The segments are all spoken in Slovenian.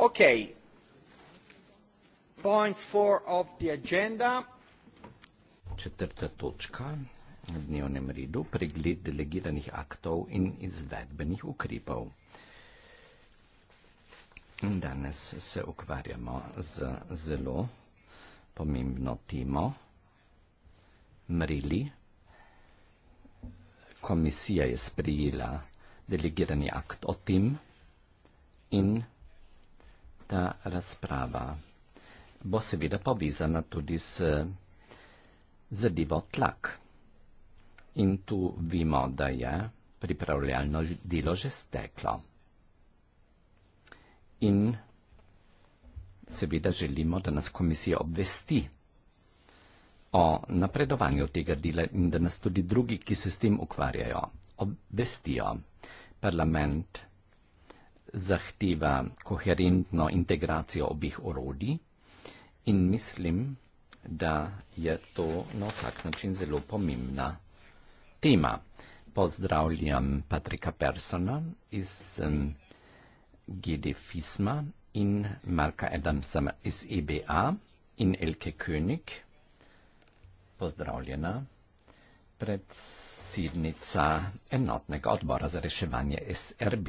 Okay. Point four of the agenda. Četrta točka na dnevnem redu je pregled delegiranih aktov in izvedbenih ukrepov. In danes se ukvarjamo z zelo pomembno temo mreli. Komisija je sprejela delegirani akt o tem in ta razprava bo seveda povezana tudi z zadevo tlak. In tu vemo, da je pripravljalno delo že steklo. In seveda želimo, da nas komisija obvesti o napredovanju tega dela in da nas tudi drugi, ki se s tem ukvarjajo, obvestijo. Parlament zahteva koherentno integracijo obih orodij in mislim, da je to na vsak način zelo pomembna tema. Pozdravljam Patrika Persona iz um, GD Fisma in Marka Adamsa iz EBA in Elke König, pozdravljena predsednica enotnega odbora za reševanje SRB.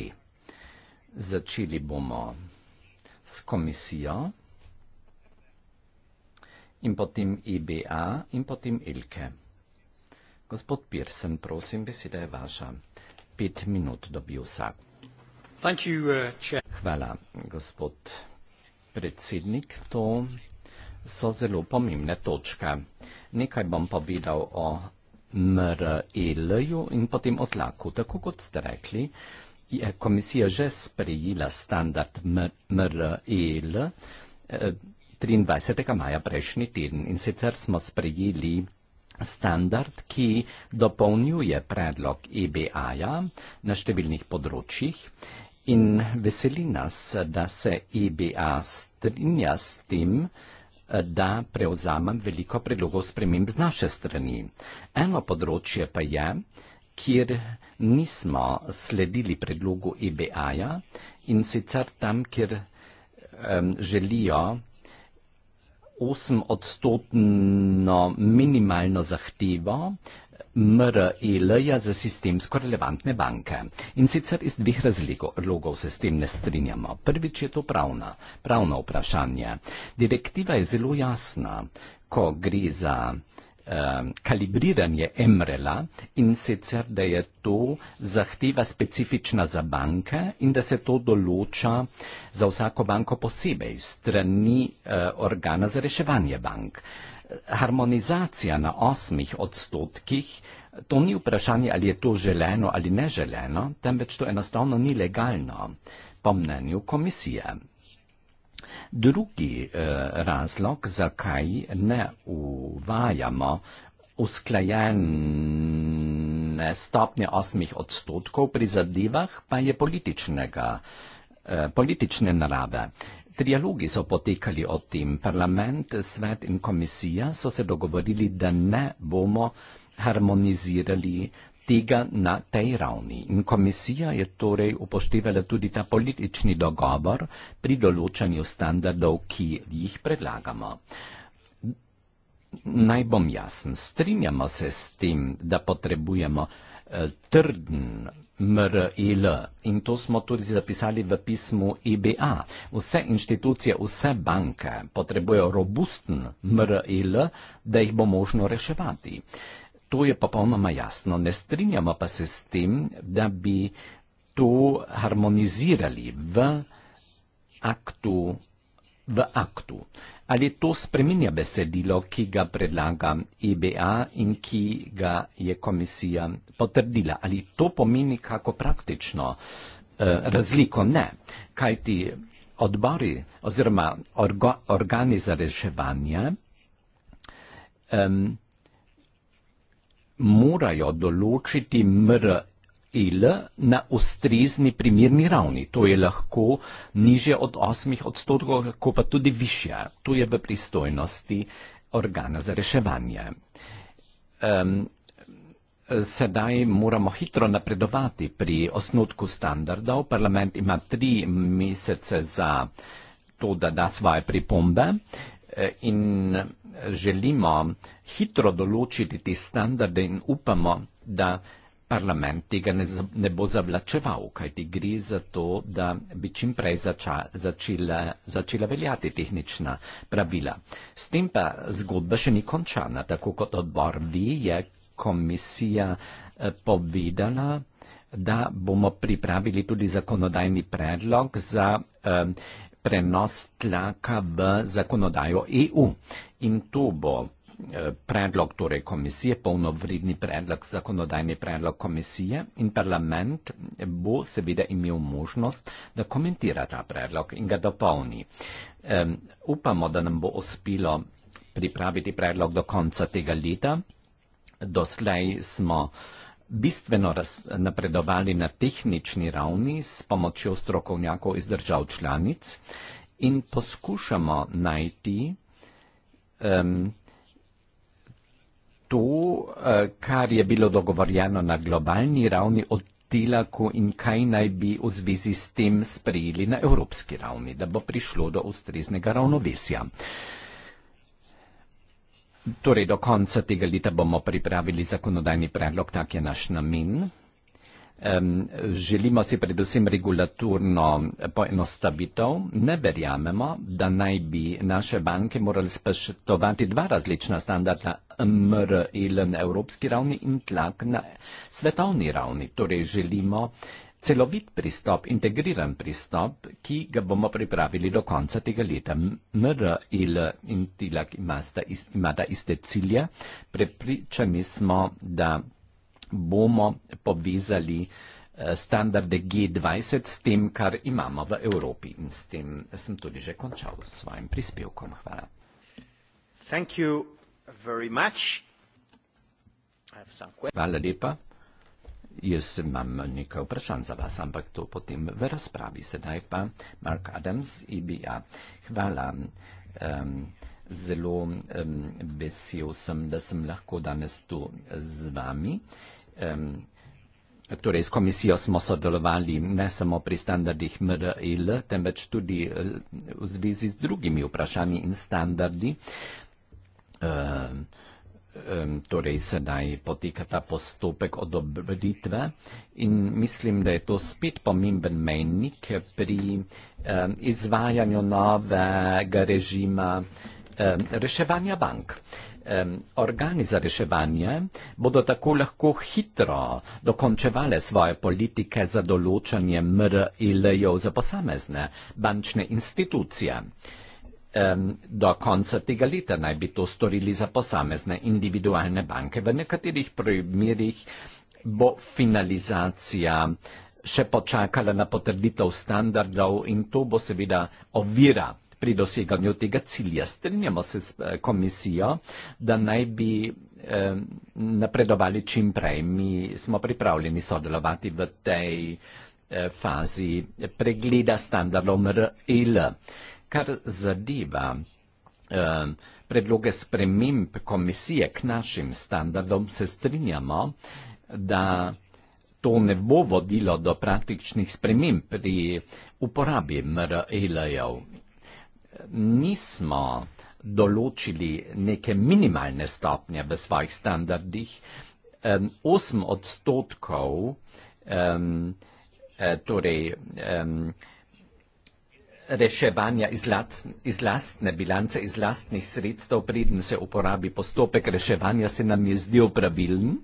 Začeli bomo s komisijo in potem EBA in potem Elke. Gospod Pearson, prosim, beseda je vaša. Pet minut dobi vsak. Thank you, uh, Hvala, gospod predsednik. To so zelo pomembne točke. Nekaj bom povedal o MRL-ju e in potem o tlaku. Tako kot ste rekli, je komisija že sprejela standard MRL 23. Eh, maja prejšnji teden in sicer smo sprejeli standard, ki dopolnjuje predlog EBA-ja na številnih področjih in veseli nas, da se EBA strinja s tem, eh, da prevzamem veliko predlogov sprememb z naše strani. Eno področje pa je, da kjer nismo sledili predlogu EBA-ja in sicer tam, kjer um, želijo 8-odstotno minimalno zahtevo MRL-ja e za sistemsko relevantne banke. In sicer iz dveh razlogov se s tem ne strinjamo. Prvič je to pravna, pravno vprašanje. Direktiva je zelo jasna, ko gre za Ehm, kalibriranje emrela in sicer, da je to zahteva specifična za banke in da se to določa za vsako banko posebej strani uh, organa za reševanje bank. Harmonizacija na osmih odstotkih, to ni vprašanje, ali je to želeno ali neželeno, temveč to enostavno ni legalno po mnenju komisije. Drugi eh, razlog, zakaj ne uvajamo usklajene stopnje osmih odstotkov pri zadevah, pa je političnega, eh, politične narave. Trialogi so potekali o tem. Parlament, svet in komisija so se dogovorili, da ne bomo harmonizirali tega na tej ravni. In komisija je torej upoštevala tudi ta politični dogovor pri določanju standardov, ki jih predlagamo. Naj bom jasen, strinjamo se s tem, da potrebujemo eh, trden MRL e in to smo tudi zapisali v pismu EBA. Vse inštitucije, vse banke potrebujejo robusten MRL, e da jih bo možno reševati. Eh, to je popolnoma jasno. Ne strinjamo pa se s tem, da bi to harmonizirali v aktu. V aktu. Ali to spremenja besedilo, ki ga predlaga EBA in ki ga je komisija potrdila? Ali to pomeni kako praktično eh, razliko? Ne. Kaj ti odbori oziroma orgo, organi za reševanje? Um, morajo določiti mr. L na ustrezni primirni ravni. To je lahko nižje od 8 odstotkov, kako pa tudi višje. To je v pristojnosti organa za reševanje. Um, Sedaj moramo hitro napredovati pri osnotku standardov. Parlament ima tri mesece za to, da da svoje pripombe. Eh, in želimo hitro določiti te standarde in upamo, da parlament tega ne, ne bo zavlačeval, kajti gre za to, da bi čimprej zača, začela, začela veljati tehnična pravila. S tem pa zgodba še ni končana, tako kot odbor vi je komisija eh, povedala, da bomo pripravili tudi zakonodajni predlog za eh, prenos tlaka v zakonodajo EU. In to bo eh, predlog torej komisije, polnovredni predlog, zakonodajni predlog komisije in parlament bo seveda imel možnost, da komentira ta predlog in ga dopolni. Um, upamo, da nam bo uspelo pripraviti predlog do konca tega leta. Doslej smo uh, bistveno napredovali na tehnični ravni s pomočjo strokovnjakov iz držav članic in poskušamo najti um, to, eh, kar je bilo dogovorjeno na globalni ravni od Tilaku in kaj naj bi v zvezi s tem sprejeli na evropski ravni, da bo prišlo do ustreznega ravnovesja. Torej, do konca tega leta bomo pripravili zakonodajni predlog, tak je naš namen. Um, želimo si predvsem regulatorno poenostavitev. Ne verjamemo, da naj bi naše banke morali spoštovati dva različna standarda, MR e in Evropski ravni in tlak na svetovni ravni. Torej, želimo celovit pristop, integriran pristop, ki ga bomo pripravili do konca tega leta. MR il in TILAK imata, imata iste cilje. Prepričani smo, da bomo povezali eh, standarde G20 s tem, kar imamo v Evropi. In s tem sem tudi že končal s svojim prispevkom. Hvala. Hvala lepa. Jaz imam nekaj vprašanj za vas, ampak to potem v razpravi. Sedaj pa Mark Adams, IBA. E Hvala. Um, zelo um, vesel sem, da sem lahko danes tu z vami. Um, torej, s komisijo smo sodelovali ne samo pri standardih MRL, temveč tudi eh, v zvezi z drugimi vprašanji in standardi. Um, torej se naj poteka ta postopek odobritve in mislim, da je to spet pomemben menjnik pri eh, izvajanju novega režima eh, reševanja bank. Organi za reševanje bodo tako lahko hitro dokončevali svoje politike za določanje MRL-jev za posamezne bančne institucije. Do konca tega leta naj bi to storili za posamezne individualne banke. V nekaterih primerjih bo finalizacija še počakala na potrditev standardov in to bo seveda ovira pri doseganju tega cilja. Strinjamo se s eh, komisijo, da naj bi eh, napredovali čim prej. Mi smo pripravljeni sodelovati v tej eh, fazi pregleda standardov MRL kar zadeva eh, predloge sprememb komisije k našim standardom, se strinjamo, da to ne bo vodilo do praktičnih sprememb pri uporabi MRL-jev. E Nismo določili neke minimalne stopnje v svojih standardih. 8 odstotkov, eh, torej reševanja iz, lac, iz lastne bilance, iz lastnih sredstev, preden se uporabi postopek reševanja, se nam je zdel pravilen.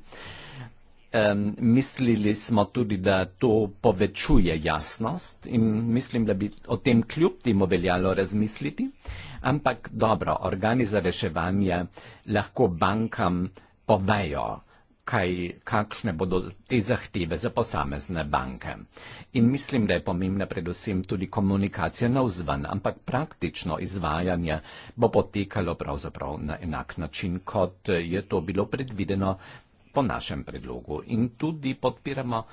Um, mislili smo tudi, da to povečuje jasnost in mislim, da bi o tem kljub temu veljalo razmisliti. Ampak dobro, organi za reševanje lahko bankam povejo, kaj, kakšne bodo te zahteve za posamezne banke. In mislim, da je pomembna predvsem tudi komunikacija navzven, ampak praktično izvajanje bo potekalo pravzaprav na enak način, kot je to bilo predvideno po našem predlogu. In tudi podpiramo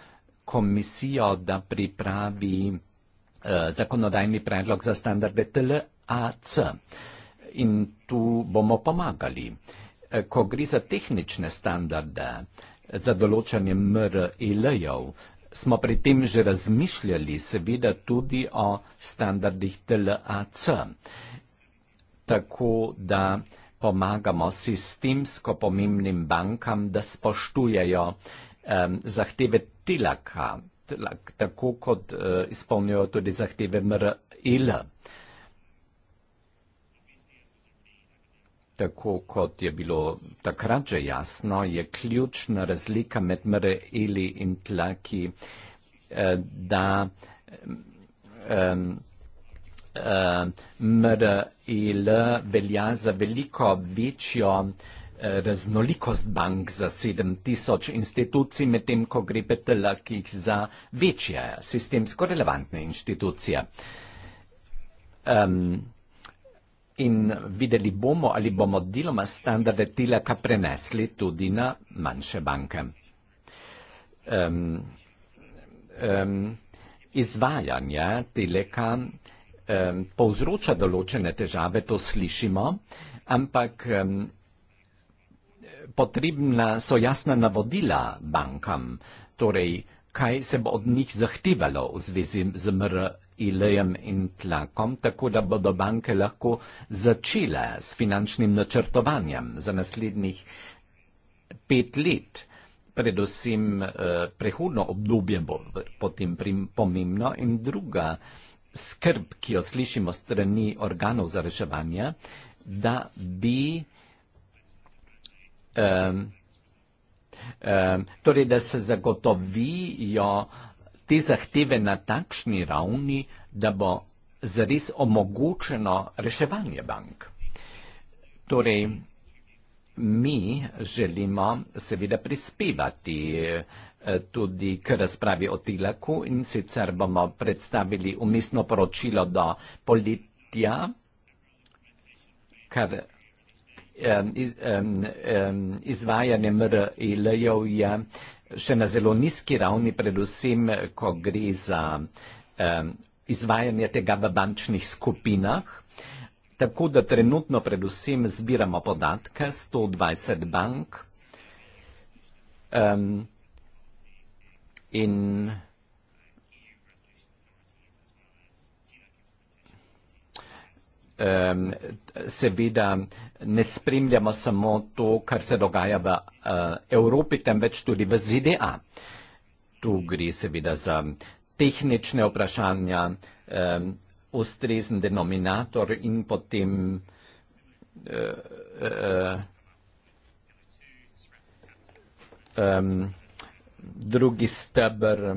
komisijo, da pripravi eh, zakonodajni predlog za standarde TLAC. In tu bomo pomagali. Eh, Eh, ko gre za tehnične standarde, eh, za določanje MRL-jev, e smo pri tem že razmišljali, seveda tudi o standardih DLAC. Tako da pomagamo sistemsko pomembnim bankam, da spoštujejo um, zahteve telaka, telak, tako kot uh, izpolnjujejo tudi zahteve MRL. E tako kot je bilo takrat že jasno, je ključna razlika med mreli in tlaki, eh, da eh, eh, mrel velja za veliko večjo raznolikost bank za 7000 institucij, medtem ko gre pa tlaki za večje sistemsko relevantne institucije. Um, In videli bomo, ali bomo deloma standarde TILAK prenesli tudi na manjše banke. Um, um, izvajanje TILAK um, povzroča določene težave, to slišimo, ampak um, potrebna so jasna navodila bankam. Torej, kaj se bo od njih zahtevalo v zvezi z MR. Ilejem in tlakom, tako da bodo banke lahko začele s finančnim načrtovanjem za naslednjih pet let. Predvsem eh, prehodno obdobje bo potem pomembno in druga skrb, ki jo slišimo strani organov za reševanje, da bi eh, Ehm, torej, da se zagotovijo te zahteve na takšni ravni, da bo zares omogočeno reševanje bank. Torej, mi želimo seveda prispevati eh, tudi k razpravi o Tilaku in sicer bomo predstavili umestno poročilo do politja, kar izvaja NMR ILJ-ov, je še na zelo nizki ravni, predvsem, ko gre za izvajanje tega v bančnih skupinah. Tako da trenutno predvsem zbiramo podatke, 120 bank. In um, seveda ne spremljamo samo to, kar se dogaja v uh, Evropi, temveč tudi v ZDA. Tu gre seveda za tehnične vprašanja, um, ustrezen denominator in potem uh, uh, um, drugi stebr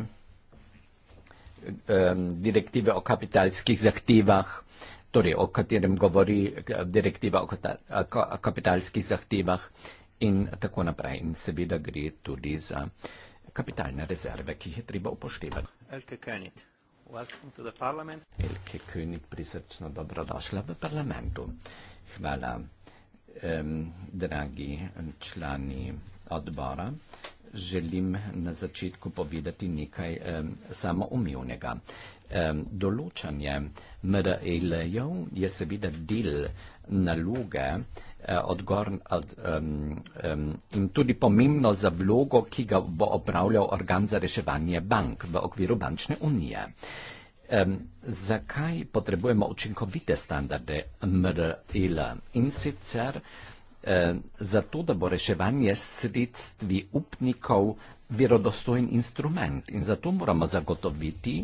ehm, direktive o kapitalskih zahtevah torej, o katerem govori eh, direktiva o kapitalskih zahtevah in tako naprej. In seveda gre tudi za kapitalne rezerve, ki jih je treba upoštevati. Elke König, prisrčno dobrodošla v parlamentu. Hvala, um, dragi člani odbora. Želim na začetku povedati nekaj um, samoumevnega. Ehm, določanje MRL-jev je seveda del naloge eh, odgor od, um, um, in tudi pomembno za vlogo, ki ga bo opravljal organ za reševanje bank v okviru bančne unije. Um, zakaj potrebujemo učinkovite standarde MRL in sicer um, zato, da bo reševanje sredstvi upnikov verodostojen instrument in zato moramo zagotoviti,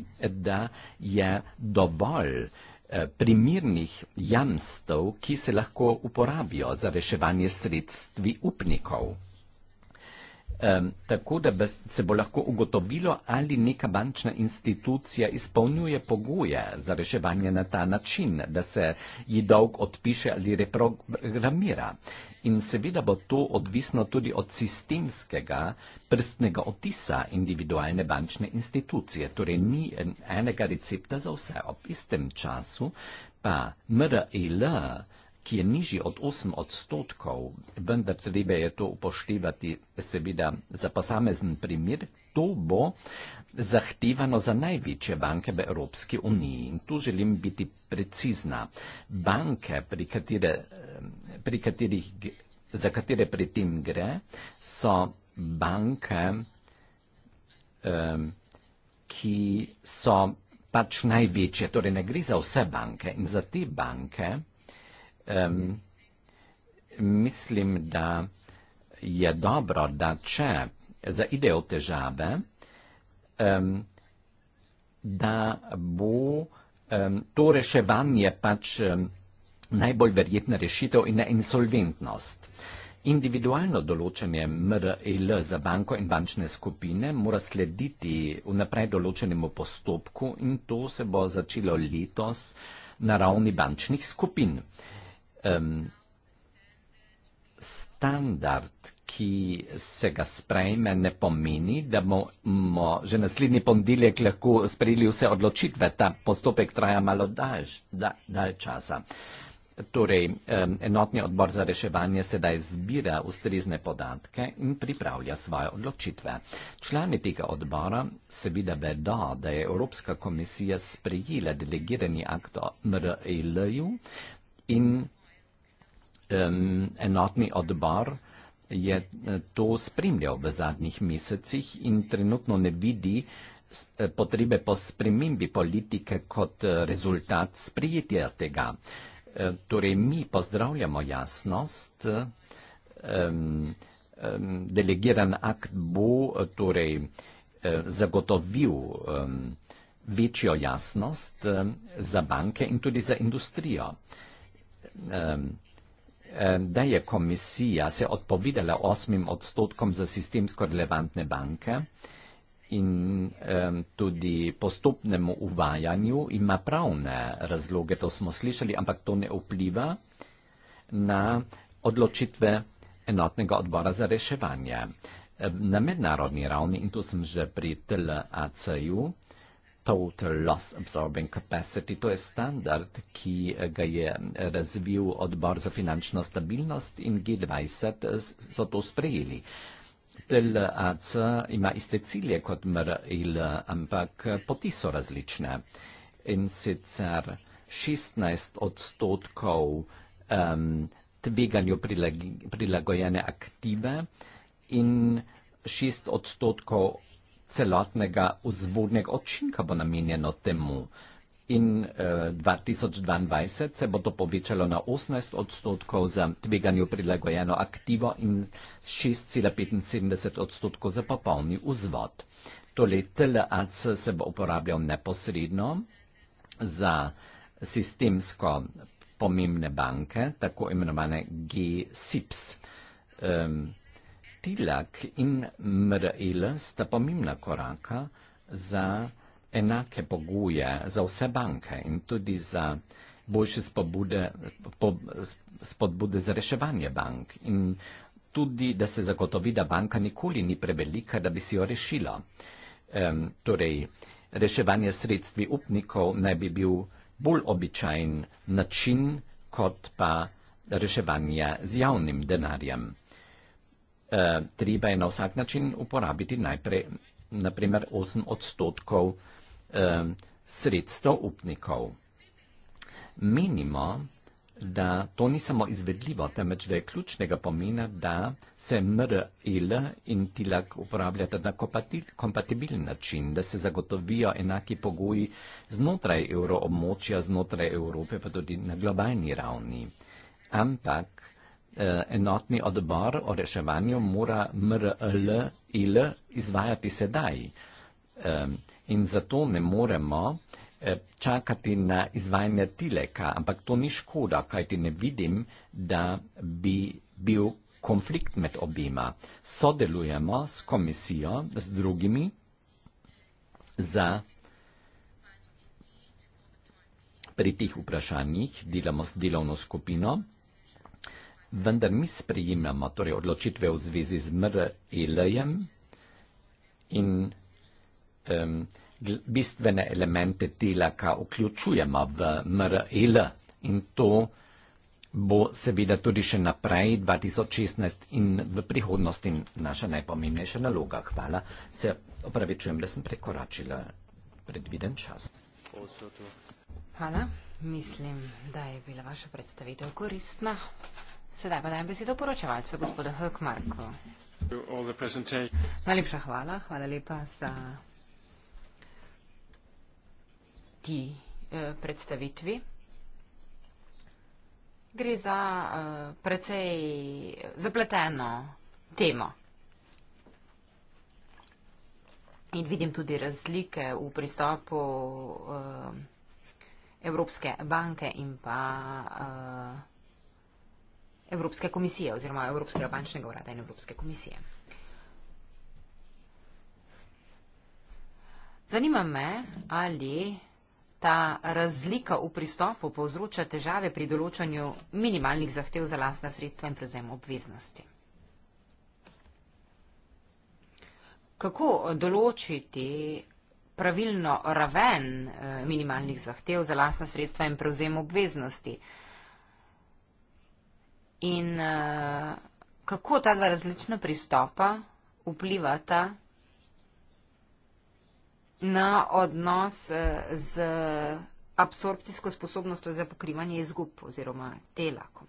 da je dovolj eh, primirnih jamstev, ki se lahko uporabijo za reševanje sredstvi upnikov um, tako da se bo lahko ugotovilo, ali neka bančna institucija izpolnjuje pogoje za reševanje na ta način, da se ji dolg odpiše ali reprogramira. In seveda bo to odvisno tudi od sistemskega prstnega otisa individualne bančne institucije. Torej ni enega recepta za vse. Ob istem času pa MRL e ki je nižji od 8 odstotkov, vendar treba je to upoštevati, seveda, za posamezen primer, to bo zahtevano za največje banke v Evropski uniji. In tu želim biti precizna. Banke, pri katere, pri katerih, za katere pri tem gre, so banke, eh, ki so pač največje, torej ne gre za vse banke in za te banke, um, mislim, da je dobro, da če zaidejo težave, um, da bo um, to reševanje pač um, najbolj verjetna rešitev in ne insolventnost. Individualno določanje MRL e za banko in bančne skupine mora slediti vnaprej določenemu postopku in to se bo začelo letos na ravni bančnih skupin um, standard, ki se ga sprejme, ne pomeni, da bomo že naslednji ponedeljek lahko sprejeli vse odločitve. Ta postopek traja malo dalj, da, dalj časa. Torej, um, enotni odbor za reševanje sedaj zbira ustrezne podatke in pripravlja svoje odločitve. Člani tega odbora seveda vedo, da je Evropska komisija sprejela delegirani akt o MRL-ju e in um, enotni odbor je eh, to spremljal v zadnjih mesecih in trenutno ne vidi eh, potrebe po spremembi politike kot eh, rezultat sprijetja tega. Torej, mi pozdravljamo jasnost, um, um, delegiran akt bo torej, zagotovil um, večjo jasnost um, za banke in tudi za industrijo. Um, Eh, da je komisija se odpovedala osmim odstotkom za sistemsko relevantne banke in um, tudi postopnemu uvajanju ima pravne razloge, to smo slišali, ampak to ne vpliva na odločitve enotnega odbora za reševanje. Na mednarodni ravni, in to sem že pri TLAC-ju, Total Loss Absorbing Capacity. To je standard, ki ga je razvil odbor za finančno stabilnost in G20 so to sprejeli. TLAC ima iste cilje kot MRL, ampak poti so različne. In sicer 16 odstotkov um, tveganju prilagojene aktive in 6 odstotkov celotnega vzvodnega očinka bo namenjeno temu. In eh, 2022 se bo to povečalo na 18 odstotkov za tveganju prilagojeno aktivo in 6,75 odstotkov za popolni vzvod. Tole TLAC se bo uporabljal neposredno za sistemsko pomembne banke, tako imenovane GSIPS. Eh, Tilak in MRL sta pomembna koraka za enake pogoje za vse banke in tudi za boljše spodbude, spodbude za reševanje bank in tudi, da se zagotovi, da banka nikoli ni prevelika, da bi si jo rešila. Um, torej, reševanje sredstvi upnikov naj bi bil bolj običajen način kot pa reševanje z javnim denarjem. Eh, treba je na vsak način uporabiti najprej, naprimer, 8 odstotkov eh, sredstev upnikov. Menimo, da to ni samo izvedljivo, temveč da je ključnega pomena, da se MRL in TILAK uporabljata na kompatibilen način, da se zagotovijo enaki pogoji znotraj evroobmočja, znotraj Evrope, pa tudi na globalni ravni. Ampak Eh, enotni odbor o reševanju mora MRL izvajati sedaj. In zato ne moremo eh, čakati na izvajanje Tileka, ampak to ni škoda, kajti ne vidim, da bi bil konflikt med obima. Sodelujemo s komisijo, s drugimi, za pri tih vprašanjih, delamo s delovno skupino, vendar mi sprejemljamo torej, odločitve v zvezi z MRL-jem e in um, bistvene elemente dela, ki vključujemo v MRL e in to bo seveda tudi še naprej 2016 in v prihodnosti naša najpomembnejša naloga. Hvala. Se opravičujem, da sem prekoračila predviden čas. Hvala. Mislim, da je bila vaša predstavitev koristna. Sedaj pa dajem besedo poročevalcu, gospodu Hökmarku. Najlepša hvala, hvala lepa za ti eh, predstavitvi. Gre za eh, precej zapleteno temo. In vidim tudi razlike v pristopu eh, Evropske banke in pa eh, Evropske komisije oziroma Evropskega bančnega urada in Evropske komisije. Zanima me, ali ta razlika v pristopu povzroča težave pri določanju minimalnih zahtev za lastna sredstva in prevzem obveznosti. Kako določiti pravilno raven eh, minimalnih zahtev za lastna sredstva in prevzem obveznosti? In uh, kako ta dva različna pristopa vplivata na odnos uh, z absorpcijsko sposobnostjo za pokrivanje izgub oziroma telakom?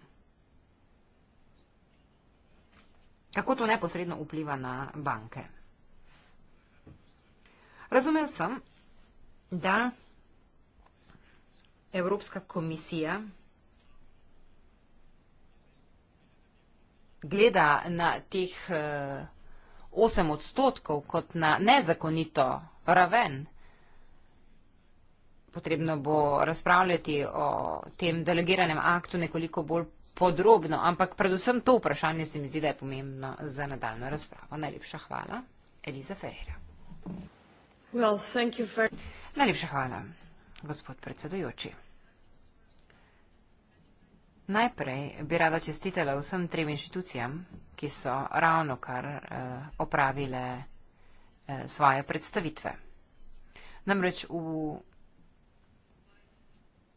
Kako to neposredno vpliva na banke? Razumel sem, da Evropska komisija gleda na teh 8 eh, odstotkov kot na nezakonito raven. Potrebno bo razpravljati o tem delegiranem aktu nekoliko bolj podrobno, ampak predvsem to vprašanje se mi zdi, da je pomembno za nadaljno razpravo. Najlepša hvala, Eliza Ferreira. Well, for... Najlepša hvala, gospod predsedujoči. Najprej bi rada čestitela vsem trem inštitucijam, ki so ravno kar eh, opravile eh, svoje predstavitve. Namreč v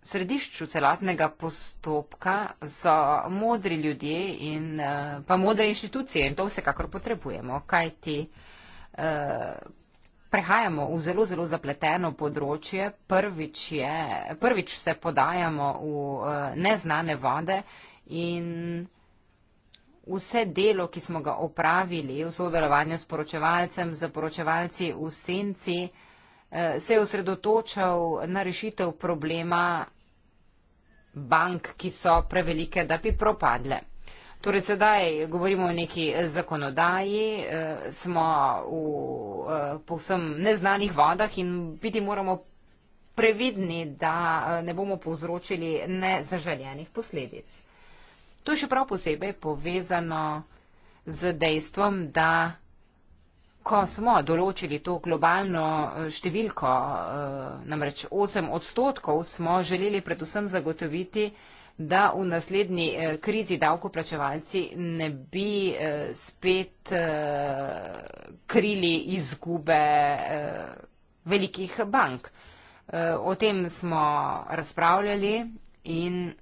središču celotnega postopka so modri ljudje in eh, pa modre inštitucije in to vsekakor potrebujemo, kaj ti eh, Prehajamo v zelo, zelo zapleteno področje. Prvič, je, prvič se podajamo v eh, neznane vode in vse delo, ki smo ga opravili v sodelovanju s poročevalcem, z poročevalci v senci, eh, se je osredotočal na rešitev problema bank, ki so prevelike, da bi propadle. Torej, sedaj govorimo o neki eh, zakonodaji, eh, smo v eh, povsem neznanih vodah in biti moramo previdni, da ne bomo povzročili nezaželjenih posledic. To je še prav posebej povezano z dejstvom, da ko smo določili to globalno številko, namreč 8 odstotkov, smo želeli predvsem zagotoviti, da v naslednji eh, krizi davkoplačevalci ne bi eh, spet eh, krili izgube velikih bank. O tem smo razpravljali in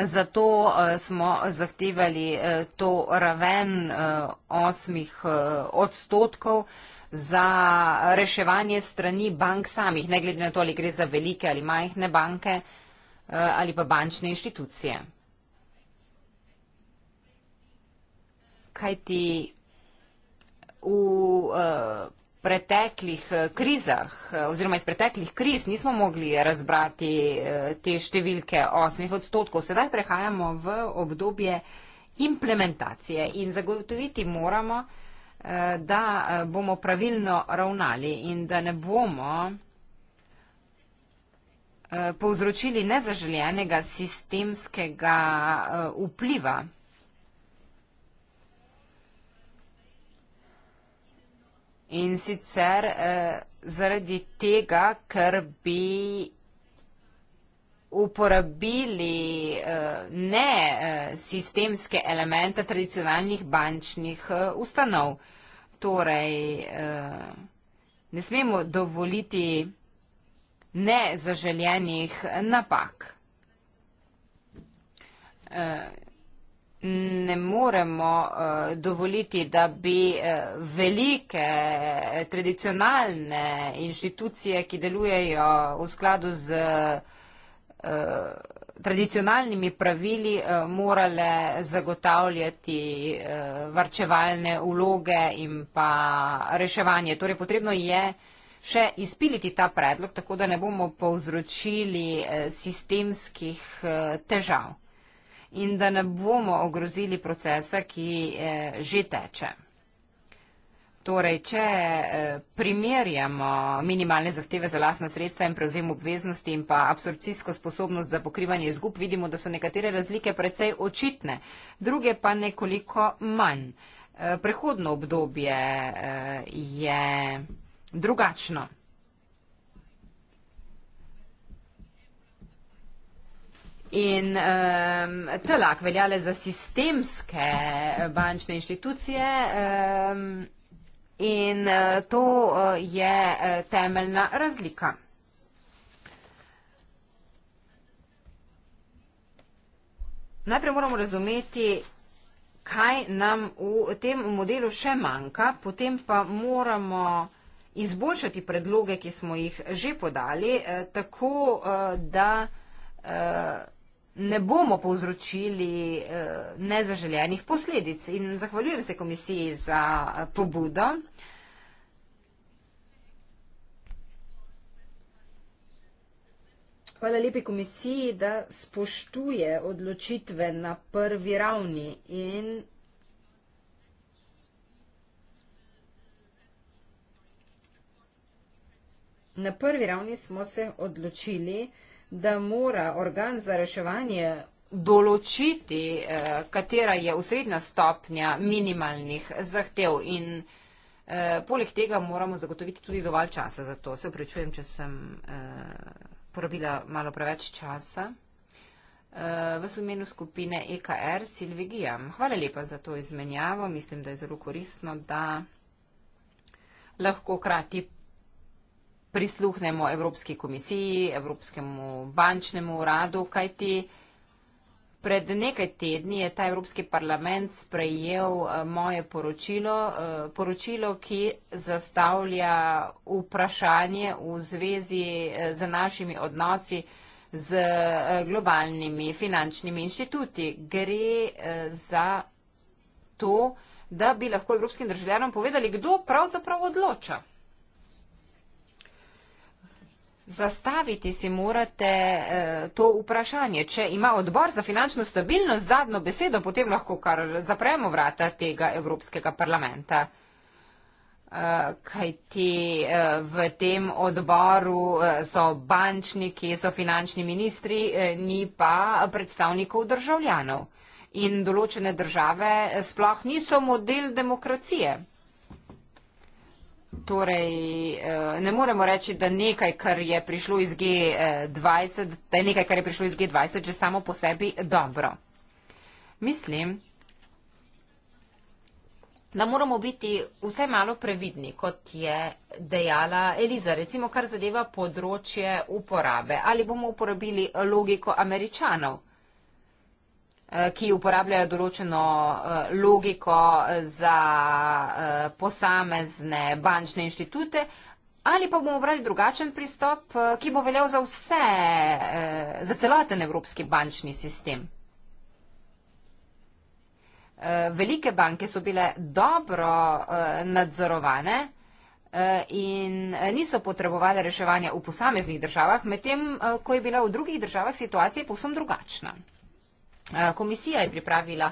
zato smo zahtevali to raven osmih odstotkov za reševanje strani bank samih, ne glede na to, ali gre za velike ali majhne banke. Eh, ali pa bančne inštitucije. Kaj ti v eh, preteklih eh, krizah oziroma iz preteklih kriz nismo mogli razbrati te številke 8 odstotkov. Sedaj prehajamo v obdobje implementacije in zagotoviti moramo, da bomo pravilno ravnali in da ne bomo Eh, povzročili nezaželjenega sistemskega eh, vpliva. In sicer eh, zaradi tega, ker bi uporabili ne sistemske elemente tradicionalnih bančnih ustanov. Torej, ne smemo dovoliti vsega, nezaželjenih napak. Eh, ne moremo eh, dovoliti, da bi eh, velike tradicionalne inštitucije, ki delujejo v skladu z tradicionalnimi pravili, morale zagotavljati varčevalne uloge in pa reševanje. Torej, potrebno je vsega, še izpiliti ta predlog, tako da ne bomo povzročili eh, sistemskih eh, težav in da ne bomo ogrozili procesa, ki eh, že teče. Torej, če primerjamo minimalne zahteve za lastna sredstva in prevzem obveznosti in pa absorpcijsko sposobnost za pokrivanje izgub, vidimo, da so nekatere razlike precej očitne, druge pa nekoliko manj. Prehodno obdobje je drugačno. In um, telak veljale za sistemske eh, bančne inštitucije um, in eh, to eh, je temeljna razlika. Najprej moramo razumeti, kaj nam v tem modelu še manjka, potem pa moramo izboljšati predloge, ki smo jih že podali, eh, tako eh, da eh, ne bomo povzročili nezaželjenih posledic. In zahvaljujem se komisiji za pobudo. Hvala lepi komisiji, da spoštuje odločitve na prvi ravni in odločitve. na prvi ravni smo se odločili, da mora organ za reševanje določiti, eh, katera je usrednja stopnja minimalnih zahtev in eh, poleg tega moramo zagotoviti tudi dovolj časa za to. Se upravičujem, če sem eh, porabila malo preveč časa. V sumenu skupine EKR Silvigijam. Hvala lepa za to izmenjavo. Mislim, da je zelo koristno, da lahko krati prisluhnemo Evropski komisiji, Evropskemu bančnemu uradu, kajti pred nekaj tedni je ta Evropski parlament sprejel eh, moje poročilo, eh, poročilo, ki zastavlja vprašanje v zvezi eh, z našimi odnosi z globalnimi finančnimi inštituti. Gre za to, da bi lahko evropskim državljanom povedali, kdo pravzaprav odloča. Zastaviti si morate eh, to vprašanje. Če ima odbor za finančno stabilnost zadnjo besedo, potem lahko kar zapremo vrata tega Evropskega parlamenta. Eh, Kaj ti eh, v tem odboru so bančniki, so finančni ministri, ni pa predstavnikov državljanov. In določene države sploh niso model demokracije. Torej, eh, ne moremo reči, da nekaj, kar je prišlo iz G20, da je nekaj, kar je prišlo iz G20, že samo po sebi dobro. Mislim, da moramo biti vse malo previdni, kot je dejala Eliza, recimo kar zadeva področje uporabe. Ali bomo uporabili logiko američanov? Eh, ki uporabljajo določeno eh, logiko eh, za posamezne bančne inštitute, ali pa bomo obrali drugačen pristop, ki bo veljal za vse, za celoten evropski bančni sistem. Velike banke so bile dobro nadzorovane in niso potrebovali reševanja v posameznih državah, medtem, ko je bila v drugih državah situacija povsem drugačna. Eh, komisija je pripravila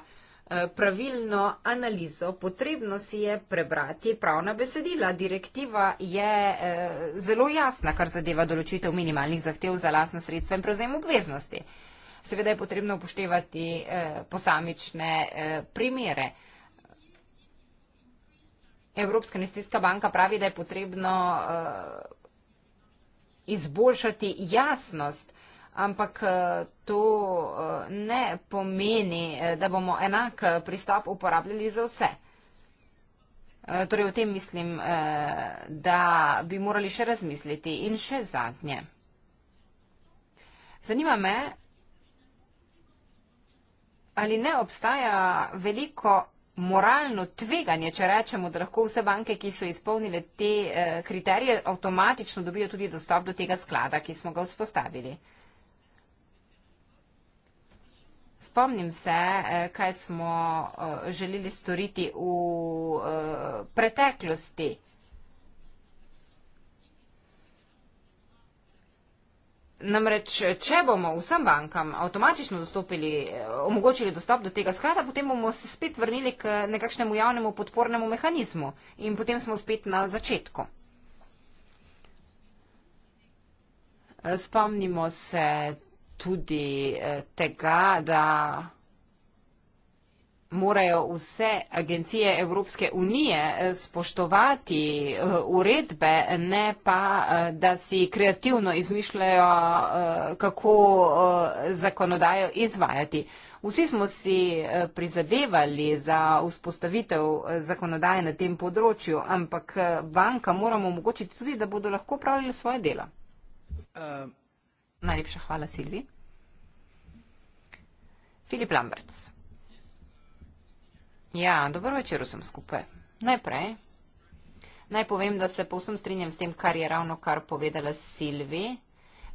eh, pravilno analizo, potrebno si je prebrati pravna besedila. Direktiva je eh, zelo jasna, kar zadeva določitev minimalnih zahtev za lasna sredstva in prevzem obveznosti. Seveda je potrebno upoštevati posamične primere. Evropska investicijska banka pravi, da je potrebno izboljšati jasnost ampak eh, to eh, ne pomeni, eh, da bomo enak pristop uporabljali za vse. Torej, o tem mislim, da bi morali še razmisliti. In še zadnje. Zanima me, ali ne obstaja veliko moralno tveganje, če rečemo, da lahko vse banke, ki so izpolnile te kriterije, avtomatično dobijo tudi dostop do tega sklada, ki smo ga vzpostavili. Spomnim se, eh, kaj smo eh, želeli storiti v eh, preteklosti. Namreč, če bomo vsem bankam avtomatično dostopili, omogočili dostop do tega sklada, potem bomo se spet vrnili k nekakšnemu javnemu podpornemu mehanizmu in potem smo spet na začetku. Spomnimo se tudi eh, tega, da morajo vse agencije Evropske unije eh, spoštovati eh, uredbe, ne pa, da si kreativno izmišljajo, kako zakonodajo izvajati. Vsi smo si prizadevali za vzpostavitev zakonodaje na tem področju, ampak banka moramo omogočiti tudi, da bodo lahko pravili svoje delo. Uh. Najlepša hvala, Silvi. Filip Lambert. Ja, dober večer vsem skupaj. Najprej. Naj povem, da se povsem strinjam s tem, kar je ravno kar povedala Silvi.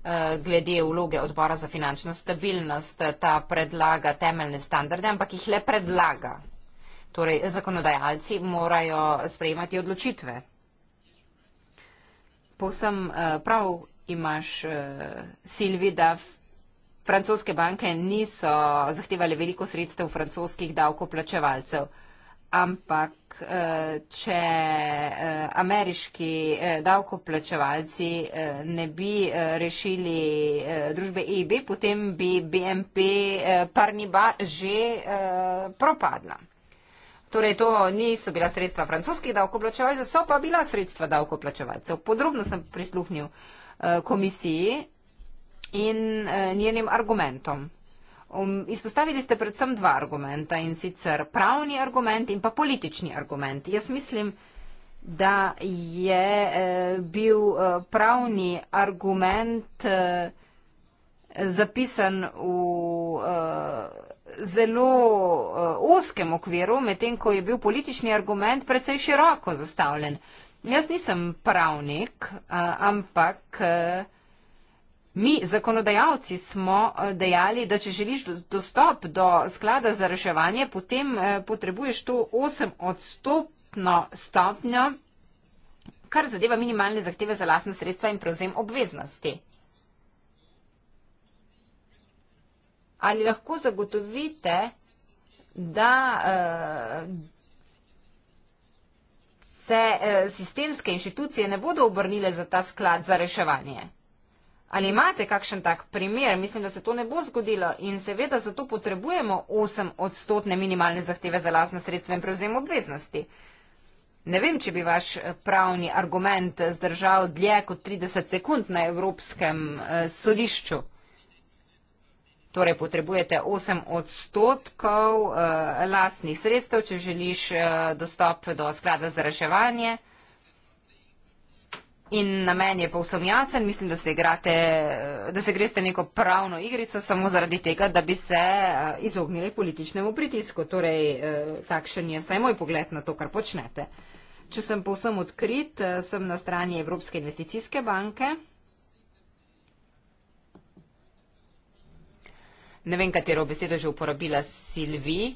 Eh, glede vloge odbora za finančno stabilnost, ta predlaga temeljne standarde, ampak jih le predlaga. Torej, zakonodajalci morajo sprejemati odločitve. Povsem eh, prav imaš, eh, Silvi, da francoske banke niso zahtevali veliko sredstev francoskih davkoplačevalcev. Ampak, eh, če eh, ameriški eh, davkoplačevalci ne bi rešili družbe EIB, potem bi BNP Parniba že propadla. Torej, to niso bila sredstva francoskih davkoplačevalcev, so pa bila sredstva davkoplačevalcev. Podrobno sem prisluhnil komisiji in eh, njenim argumentom. Um, izpostavili ste predvsem dva argumenta in sicer pravni argument in pa politični argument. Jaz mislim, da je eh, bil eh, pravni argument zapisan v zelo oskem okviru, medtem ko je bil politični argument predvsej široko zastavljen. Jaz nisem pravnik, ampak. Mi, zakonodajalci, smo eh, dejali, da če želiš dostop do sklada za reševanje, potem eh, potrebuješ to 8 odstopno stopnjo, kar zadeva minimalne zahteve za lastne sredstva in prevzem obveznosti. Ali lahko zagotovite, da eh, se sistemske inštitucije ne bodo obrnile za ta sklad za reševanje? Ali imate kakšen tak primer? Mislim, da se to ne bo zgodilo in seveda zato potrebujemo 8 odstotne minimalne zahteve za lasno sredstvo in prevzem obveznosti. Ne vem, če bi vaš eh, pravni argument zdržal dlje kot 30 sekund na Evropskem eh, sodišču. Torej potrebujete 8 odstotkov eh, lasnih sredstev, če želiš dostop do sklada za reševanje. In namen je povsem jasen, mislim, da se, igrate, da se greste neko pravno igrico samo zaradi tega, da bi se eh, izognili političnemu pritisku. Torej, eh, takšen je vsaj moj pogled na to, kar počnete. Če sem povsem odkrit, eh, sem na strani Evropske investicijske banke. Ne vem, katero besedo že uporabila Silvi.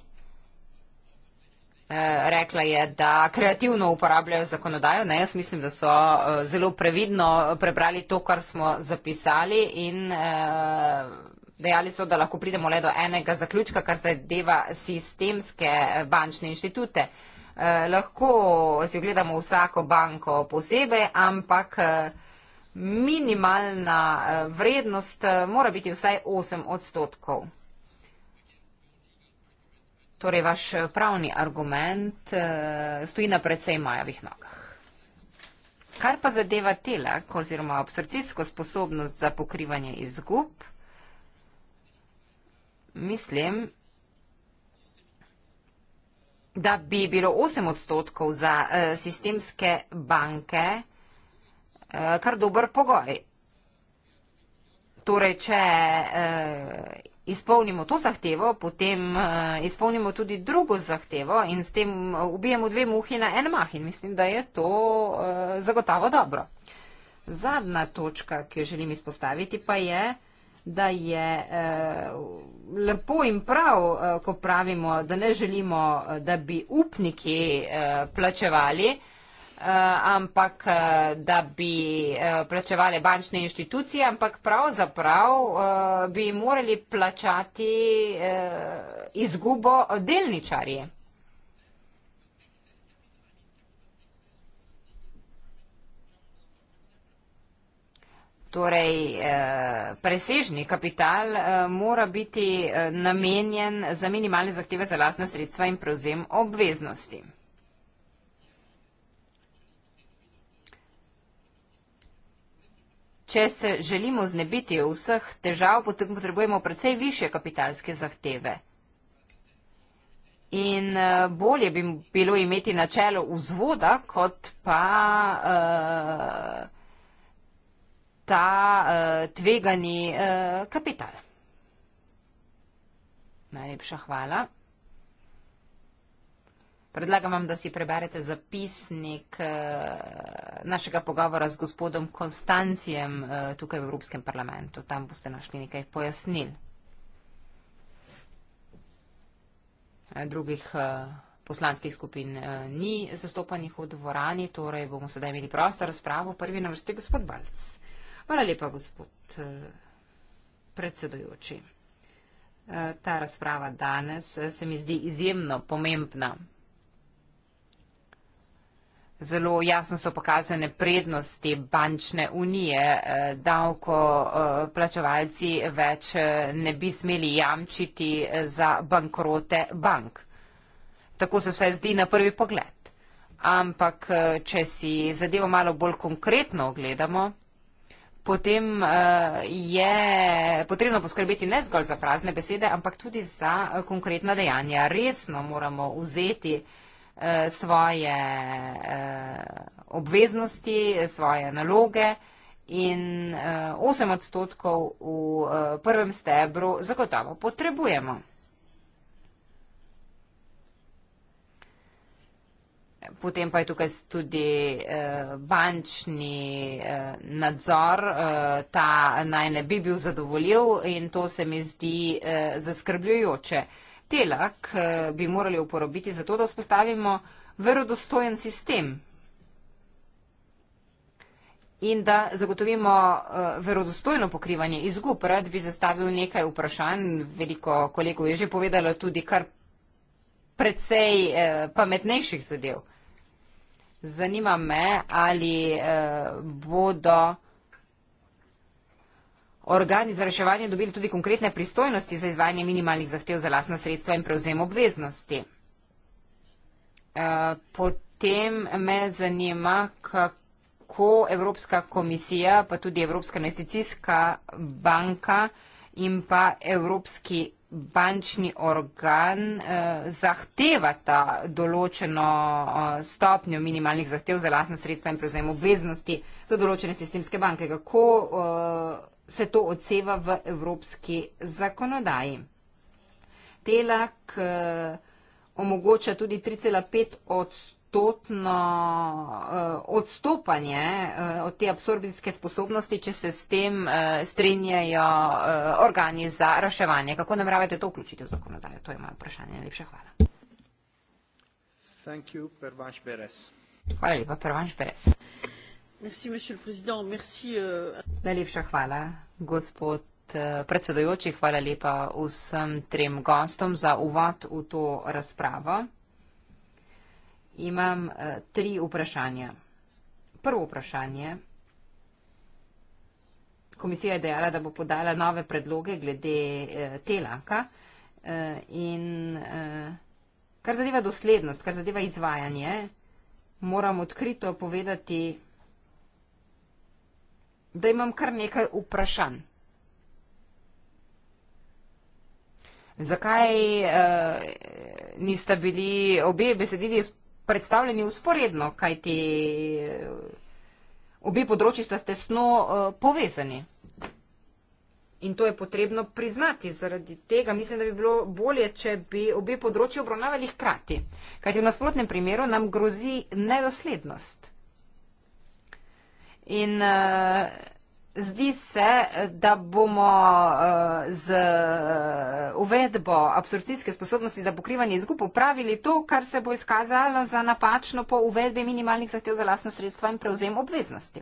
Eh, rekla je, da kreativno uporabljajo zakonodajo. Ne, jaz mislim, da so eh, zelo previdno prebrali to, kar smo zapisali in eh, dejali so, da lahko pridemo le do enega zaključka, kar zadeva sistemske bančne inštitute. Lahko si ogledamo vsako banko posebej, ampak minimalna vrednost mora biti vsaj 8 odstotkov. Torej, vaš eh, pravni argument eh, stoji na precej majavih nogah. Kar pa zadeva telek oziroma absorpcijsko sposobnost za pokrivanje izgub, mislim, da bi bilo 8 odstotkov za eh, sistemske banke kar dober pogoj. Torej, če izpolnimo to zahtevo, potem uh, izpolnimo tudi drugo zahtevo in s tem eh, ubijemo dve muhi na en mah in mislim, da je to uh, zagotovo dobro. Zadnja točka, ki jo želim izpostaviti, pa je, da je uh, lepo in prav, uh, ko pravimo, da ne želimo, da bi upniki uh, plačevali uh, Eh, ampak eh, da bi eh, plačevali bančne inštitucije, ampak pravzaprav bi morali plačati izgubo delničarje. Torej, presežni kapital mora biti namenjen za minimalne zahteve za lasna sredstva in prevzem obveznosti. Če se želimo znebiti vseh težav, potem potrebujemo precej više kapitalske zahteve. In eh, bolje bi bilo imeti načelo vzvoda, kot pa eh, ta eh, tvegani kapital. Najlepša hvala. Predlagam vam, da si preberete zapisnik eh, našega pogovora z gospodom Konstancijem eh, tukaj v Evropskem parlamentu. Tam boste našli nekaj pojasnil. Eh, drugih poslanskih skupin ni zastopanih v dvorani, torej bomo sedaj imeli prosto razpravo. Prvi na vrsti gospod Balc. Hvala lepa, gospod predsedujoči. Ta razprava danes se mi zdi izjemno pomembna zelo jasno so pokazane prednosti bančne unije, eh, davko plačevalci več eh, ne bi smeli jamčiti eh, za bankrote bank. Tako se vse zdi na prvi pogled. Ampak, če si zadevo malo bolj konkretno ogledamo, potem je potrebno poskrbeti ne zgolj za prazne besede, ampak tudi za konkretna dejanja. Resno moramo vzeti Eh, svoje eh, obveznosti, svoje naloge in 8 eh, odstotkov v prvem stebru zagotovo potrebujemo. Potem pa je tukaj tudi bančni nadzor, ta naj ne bi bil zadovoljiv in to se mi zdi zaskrbljujoče tela, ki eh, bi morali uporabiti za to, da vzpostavimo verodostojen sistem in da zagotovimo eh, verodostojno pokrivanje izgub. Rad bi zastavil nekaj vprašanj, veliko kolegov je že povedalo tudi kar precej eh, pametnejših zadev. Zanima me, ali bodo organi za reševanje dobili tudi konkretne pristojnosti za izvajanje minimalnih zahtev za lastna sredstva in prevzem obveznosti. Eh, potem me zanima, kako Evropska komisija, pa tudi Evropska investicijska banka in pa Evropski bančni organ eh, zahtevata določeno eh, stopnjo minimalnih zahtev za lastna sredstva in prevzem obveznosti za določene sistemske banke. Kako eh, se to odseva v evropski zakonodaji. Telak eh, omogoča tudi 3,5 odstotno eh, odstopanje eh, od te absorbcijske sposobnosti, če se s tem strinjajo organi za raševanje. Kako nameravate to vključiti v zakonodajo? To je moje vprašanje. Najlepša hvala. Thank you, Hvala lepa, Pervanš Beres. Euh, Najlepša hvala, gospod eh, predsedojoči. Hvala lepa vsem trem gostom za uvod v to razpravo. Imam eh, tri vprašanja. Prvo vprašanje. Komisija je dejala, da bo podala nove predloge glede eh, telaka in kar zadeva doslednost, kar zadeva izvajanje, moram odkrito povedati, da imam kar nekaj vprašanj. Zakaj uh, nista bili obe besedili predstavljeni usporedno, kaj ti uh, obe področji sta tesno uh, povezani? In to je potrebno priznati. Zaradi tega mislim, da bi bilo bolje, če bi obe področji obravnavali hkrati. Kajti v nasprotnem primeru nam grozi nedoslednost. In uh, zdi se, da bomo uh, z eh, uvedbo absorpcijske sposobnosti za pokrivanje izgub upravili to, kar se bo izkazalo za napačno po uvedbi minimalnih zahtev za lastna sredstva in prevzem obveznosti.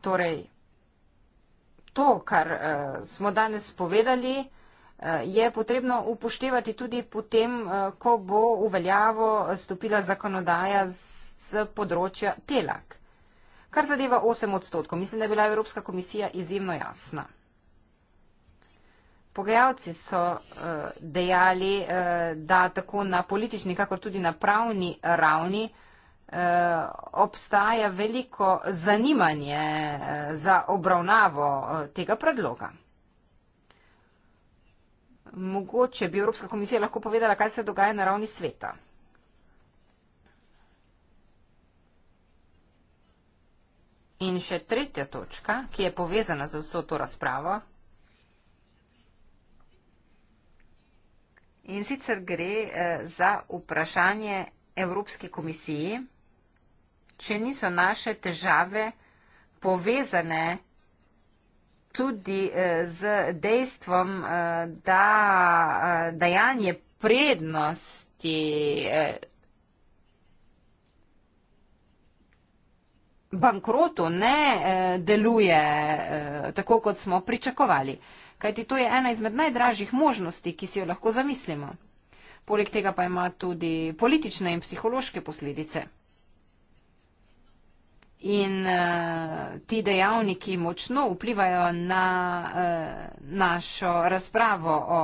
Torej, to, kar uh, smo danes povedali, Eh, je potrebno upoštevati tudi potem, eh, ko bo v veljavo stopila zakonodaja z področja telak. Kar zadeva 8 odstotkov, mislim, da je bila Evropska komisija izjemno jasna. Pogajalci so eh, dejali, da tako na politični, kakor tudi na pravni ravni obstaja veliko zanimanje za obravnavo tega predloga. Mogoče bi Evropska komisija lahko povedala, kaj se dogaja na ravni sveta. In še tretja točka, ki je povezana z vso to razpravo. In sicer gre eh, za vprašanje Evropske komisiji, če niso naše težave povezane s tem, tudi eh, z dejstvom, eh, da eh, dajanje prednosti bankrotu ne deluje tako, kot smo pričakovali. Kajti to je ena izmed najdražjih možnosti, ki si jo lahko zamislimo. Poleg tega pa ima tudi politične in psihološke posledice. In uh, ti dejavniki močno vplivajo na uh, našo razpravo o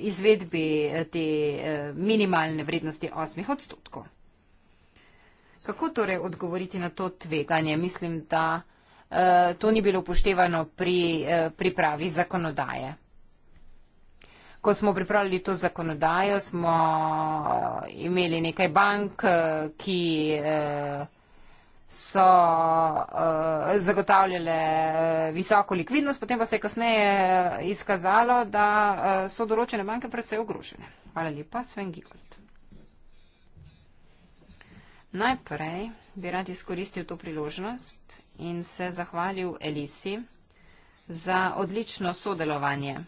izvedbi eh, te uh, minimalne vrednosti 8 odstotkov. Kako torej odgovoriti na to tveganje? Mislim, da uh, to ni bilo upoštevano pri uh, pripravi zakonodaje. Ko smo pripravili to zakonodajo, smo imeli nekaj bank, ki. Uh, so uh, zagotavljale eh, visoko likvidnost, potem pa se je kasneje eh, izkazalo, da uh, so določene banke predvsej ogrožene. Hvala lepa, Sven Gigold. Najprej bi rad izkoristil to priložnost in se zahvalil Elisi za odlično sodelovanje.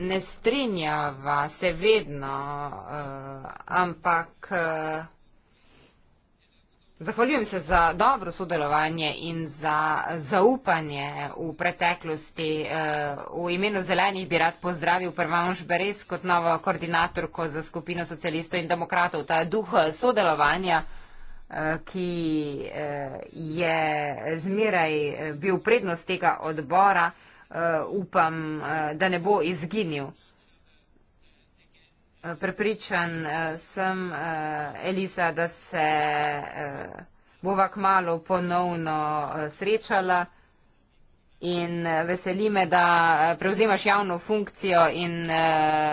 ne strinjava se vedno, uh, ampak uh, zahvaljujem se za dobro sodelovanje in za zaupanje v preteklosti. Uh, v imenu zelenih bi rad pozdravil Prvanž Beres kot novo koordinatorko za skupino socialistov in demokratov. Ta duh sodelovanja ki je zmeraj bil prednost tega odbora uh, upam, uh, da ne bo izginil. Eh, prepričan sem, Elisa, da se bova k malu ponovno srečala in veseli me, da prevzimaš javno funkcijo in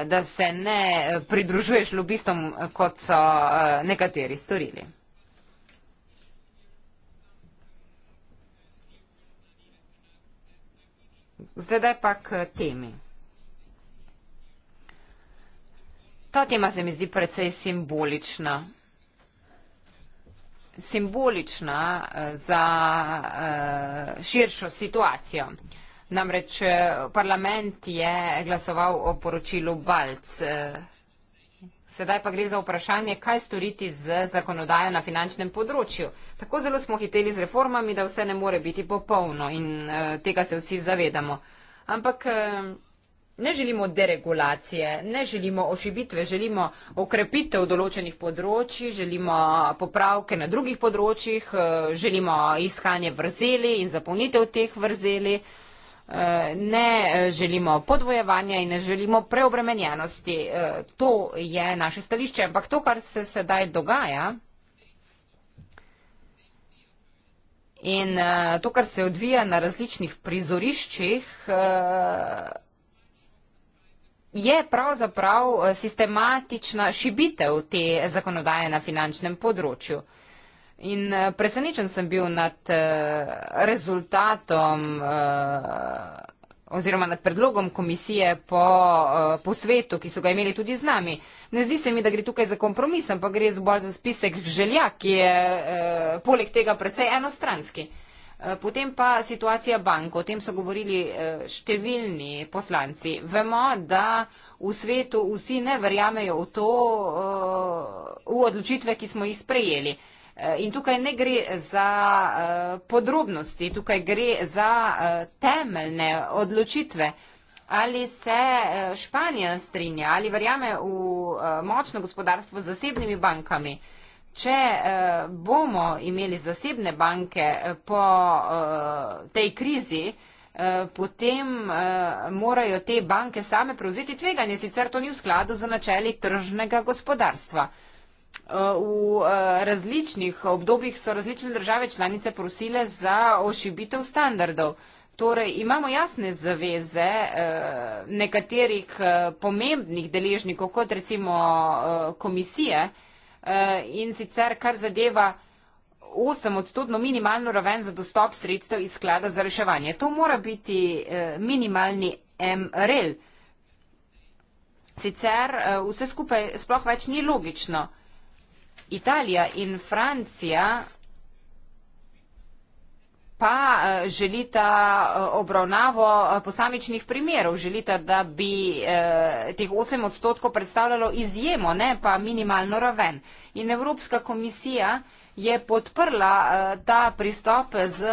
da se ne pridružuješ lobistom, kot so nekateri storili. Zdaj pa k temi. Ta tema se mi zdi precej simbolična. Simbolična eh, za eh, širšo situacijo. Namreč eh, parlament je glasoval o poročilu Balc. Sedaj pa gre za vprašanje, kaj storiti z zakonodajo na finančnem področju. Tako zelo smo hiteli z reformami, da vse ne more biti popolno in e, tega se vsi zavedamo. Ampak e, ne želimo deregulacije, ne želimo ošibitve, želimo okrepitev določenih področji, želimo popravke na drugih področjih, e, želimo iskanje vrzeli in zapolnitev teh vrzeli ne eh, želimo podvojevanja in ne želimo preobremenjenosti. Eh, to je naše stališče, ampak to, kar se sedaj dogaja in eh, to, kar se odvija na različnih prizoriščih, je pravzaprav sistematična šibitev te zakonodaje na finančnem področju. In eh, presenečen sem bil nad eh, rezultatom eh, oziroma nad predlogom komisije po posvetu, ki so ga imeli tudi z nami. Ne zdi se mi, da gre tukaj za kompromis, ampak gre zbolj za spisek želja, ki je poleg tega precej enostranski. Potem pa situacija banko, o tem so govorili številni poslanci. Vemo, da v svetu vsi ne verjamejo v to, v odločitve, ki smo jih sprejeli. Eh, in tukaj ne gre za eh, podrobnosti, tukaj gre za eh, temeljne odločitve. Ali se Španija strinja, ali verjame v močno gospodarstvo z zasebnimi bankami? Če bomo imeli zasebne banke po tej krizi, potem morajo te banke same prevzeti tveganje, sicer to ni v skladu z načeli tržnega gospodarstva. Eh, v eh, različnih obdobjih so različne države članice prosile za ošibitev standardov. Torej, imamo jasne zaveze eh, nekaterih pomembnih deležnikov, kot recimo komisije in sicer kar zadeva 8 odstotno minimalno raven za dostop sredstev iz sklada za reševanje. To mora biti minimalni MRL. Sicer vse skupaj sploh več ni logično. Italija in Francija pa eh, želita eh, obravnavo eh, posamičnih primerov, želita, da bi teh 8 odstotkov predstavljalo izjemo, ne pa minimalno raven. In Evropska komisija je podprla ta pristop z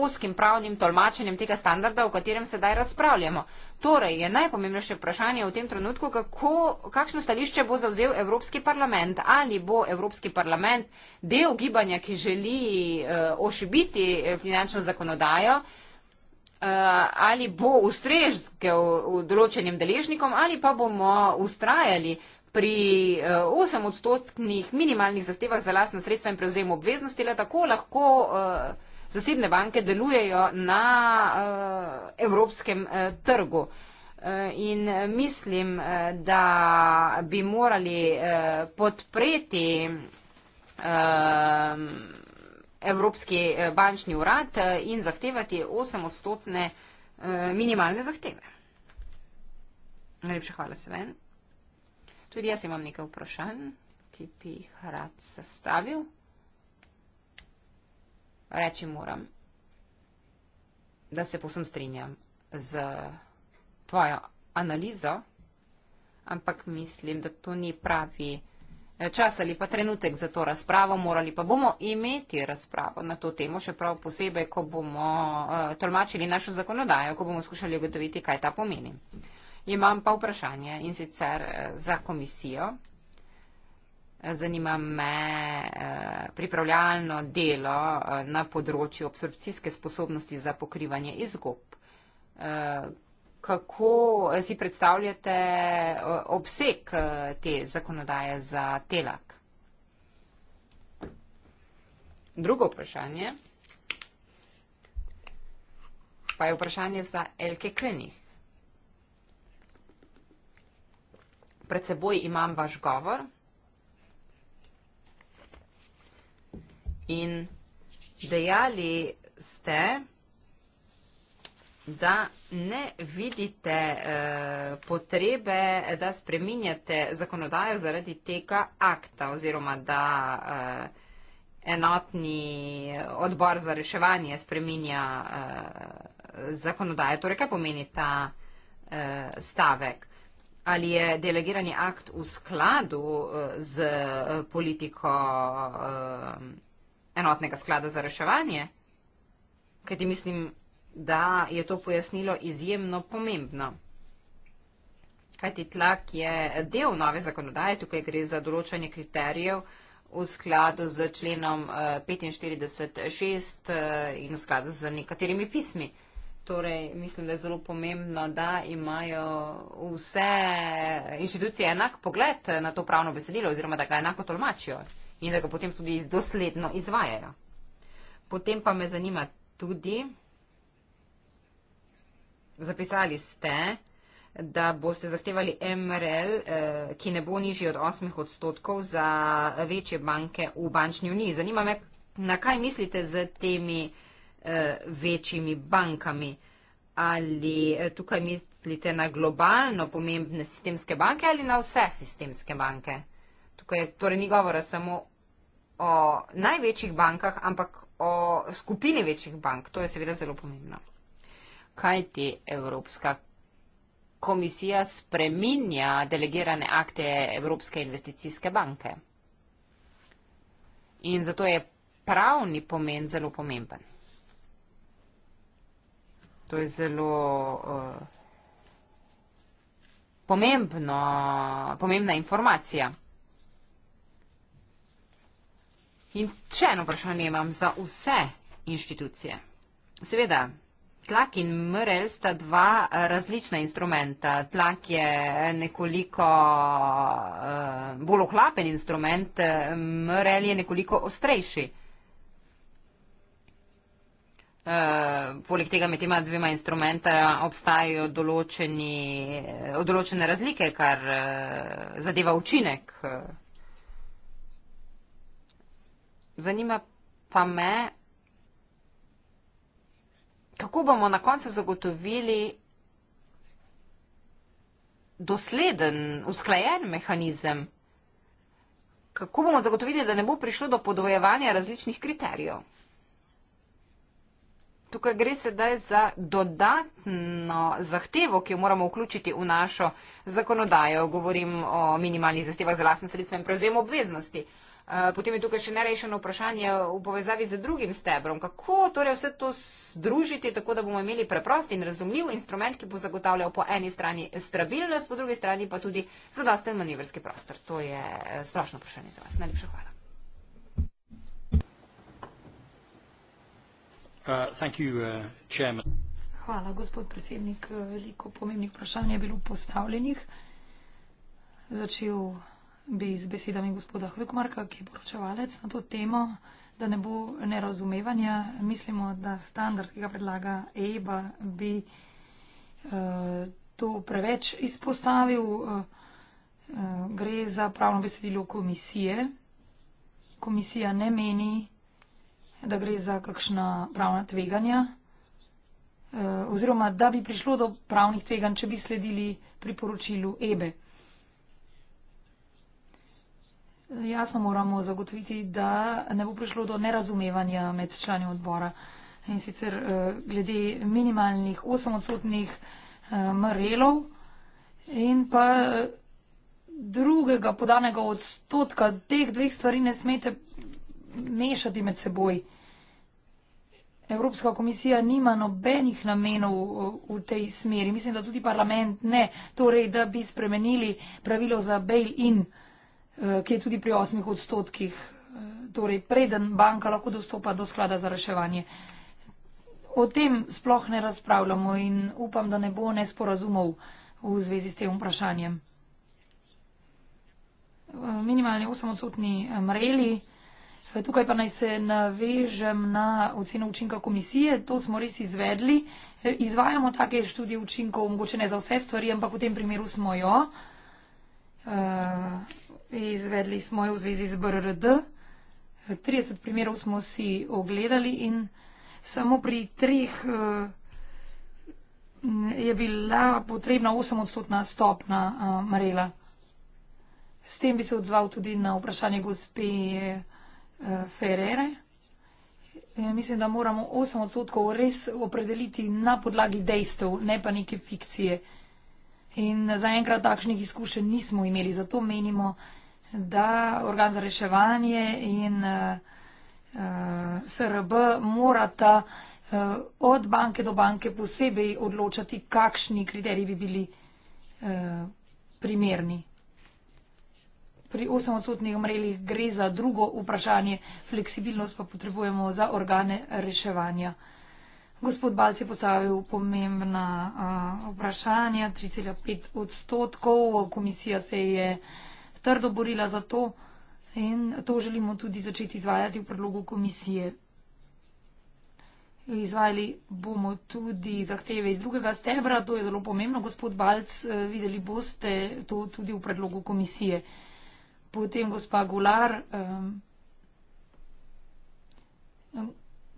oskim pravnim tolmačenjem tega standarda, o katerem sedaj razpravljamo. Torej je najpomembnejše vprašanje v tem trenutku, kako, kakšno stališče bo zauzel Evropski parlament. Ali bo Evropski parlament del gibanja, ki želi uh, ošibiti eh, finančno zakonodajo, uh, ali bo ustrežkel določenim deležnikom, ali pa bomo ustrajali pri 8-odstotnih minimalnih zahtevah za lastna sredstva in prevzem obveznosti, le tako lahko. Uh, zasebne banke delujejo na uh, evropskem uh, trgu. Eh, in mislim, da bi morali podpreti Evropski bančni urad in zahtevati 8 odstotne minimalne zahteve. Najlepša hvala, Sven. Tudi jaz imam nekaj vprašanj, ki bi jih rad sestavil reči moram, da se posem strinjam z tvojo analizo, ampak mislim, da to ni pravi eh, čas ali pa trenutek za to razpravo, morali pa bomo imeti razpravo na to temo, še prav posebej, ko bomo uh, tolmačili našo zakonodajo, ko bomo skušali ugotoviti, kaj ta pomeni. Imam pa vprašanje in sicer eh, za komisijo, Zanima me eh, pripravljalno delo eh, na področju absorpcijske sposobnosti za pokrivanje izgub. Eh, kako si predstavljate obseg te zakonodaje za telak? Drugo vprašanje pa je vprašanje za Elke Klenih. Pred seboj imam vaš govor. In dejali ste, da ne vidite eh, potrebe, da spreminjate zakonodajo zaradi tega akta oziroma da eh, enotni odbor za reševanje spreminja eh, zakonodajo. Torej, kaj pomeni ta stavek? Ali je delegirani akt v skladu z politiko enotnega sklada za reševanje? Kajti mislim, da je to pojasnilo izjemno pomembno. Kajti tlak je del nove zakonodaje, tukaj gre za določanje kriterijev v skladu z členom 45.6 eh, eh, in v skladu z nekaterimi pismi. Torej, mislim, da je zelo pomembno, da imajo vse inštitucije enak pogled eh, na to pravno besedilo oziroma da ga enako tolmačijo in da ga potem tudi dosledno izvajajo. Potem pa me zanima tudi, zapisali ste, da boste zahtevali MRL, eh, ki ne bo nižji od 8 odstotkov za večje banke v bančni uniji. Zanima me, na kaj mislite z temi eh, večjimi bankami? Ali eh, tukaj mislite na globalno pomembne sistemske banke ali na vse sistemske banke? Tukaj torej ni govora samo o največjih bankah, ampak o skupini večjih bank. To je seveda zelo pomembno. Kaj ti Evropska komisija spreminja delegirane akte Evropske investicijske banke? In zato je pravni pomen zelo pomemben. To je zelo uh, pomembno, pomembna informacija. In če eno vprašanje imam za vse inštitucije. Seveda, tlak in MRL sta dva eh, različna instrumenta. Tlak je nekoliko uh, bolj ohlapen instrument, eh, MRL je nekoliko ostrejši. Uh, poleg tega med tema dvema instrumenta obstajajo določeni, določene razlike, kar uh, zadeva učinek. Uh, Zanima pa me, kako bomo na koncu zagotovili dosleden, usklajen mehanizem. Kako bomo zagotovili, da ne bo prišlo do podvojevanja različnih kriterijev? Tukaj gre sedaj za dodatno zahtevo, ki jo moramo vključiti v našo zakonodajo. Govorim o minimalnih zahtevah za lastne sredstva in prevzem obveznosti. Uh, Eh, potem je tukaj še nerešeno vprašanje v povezavi z drugim stebrom. Kako torej vse to združiti, tako da bomo imeli preprost in razumljiv instrument, ki bo zagotavljal po eni strani stabilnost, po drugi strani pa tudi zadosten manevrski prostor. To je eh, splošno vprašanje za vas. Najlepša hvala. Uh, you, uh, hvala, gospod predsednik. Veliko pomembnih vprašanj je bilo postavljenih. Začel bi z besedami gospoda Hvekomarka, ki je poročevalec na to temo, da ne bo nerazumevanja, mislimo, da standard, ki ga predlaga EBA, bi eh, to preveč izpostavil. Eh, eh, gre za pravno besedilo komisije. Komisija ne meni, da gre za kakšna pravna tveganja oziroma da bi prišlo do pravnih tveganj, če bi sledili priporočilu EBE. Jasno moramo zagotoviti, da ne bo prišlo do nerazumevanja med člani odbora. In sicer eh, glede minimalnih 8 odstotnih eh, mrelov in pa eh, drugega podanega odstotka teh dveh stvari ne smete mešati med seboj. Evropska komisija nima nobenih namenov v tej smeri. Mislim, da tudi parlament ne. Torej, da bi spremenili pravilo za bail-in. Eh, ki je tudi pri 8 odstotkih, eh, torej preden banka lahko dostopa do sklada za reševanje. O tem sploh ne razpravljamo in upam, da ne bo nesporazumov v zvezi s tem vprašanjem. Eh, minimalni 8-odstotni mreli, tukaj pa naj se navežem na oceno učinka komisije, to smo res izvedli. Izvajamo take študije učinkov, mogoče ne za vse stvari, ampak v tem primeru smo jo. Eh, izvedli smo jo v zvezi z BRRD. 30 primerov smo si ogledali in samo pri treh eh, je bila potrebna 8-odstotna stopna eh, Marela. S tem bi se odzval tudi na vprašanje gospe Ferere. Mislim, da moramo 8 odstotkov res opredeliti na podlagi dejstev, ne pa neke fikcije. In zaenkrat takšnih izkušenj nismo imeli, zato menimo, da organ za reševanje in uh, eh, eh, SRB morata uh, od banke do banke posebej odločati, kakšni kriteriji bi bili uh, primerni. Pri 8 odstotnih omrelih gre za drugo vprašanje, fleksibilnost pa potrebujemo za organe reševanja. Gospod Balc je postavil pomembna a, eh, vprašanja, 3,5 odstotkov, komisija se je trdo borila za to in to želimo tudi začeti izvajati v predlogu komisije. Izvajali bomo tudi zahteve iz drugega stebra, to je zelo pomembno, gospod Balc, eh, videli boste to tudi v predlogu komisije. Potem gospa Gular. A, eh, a,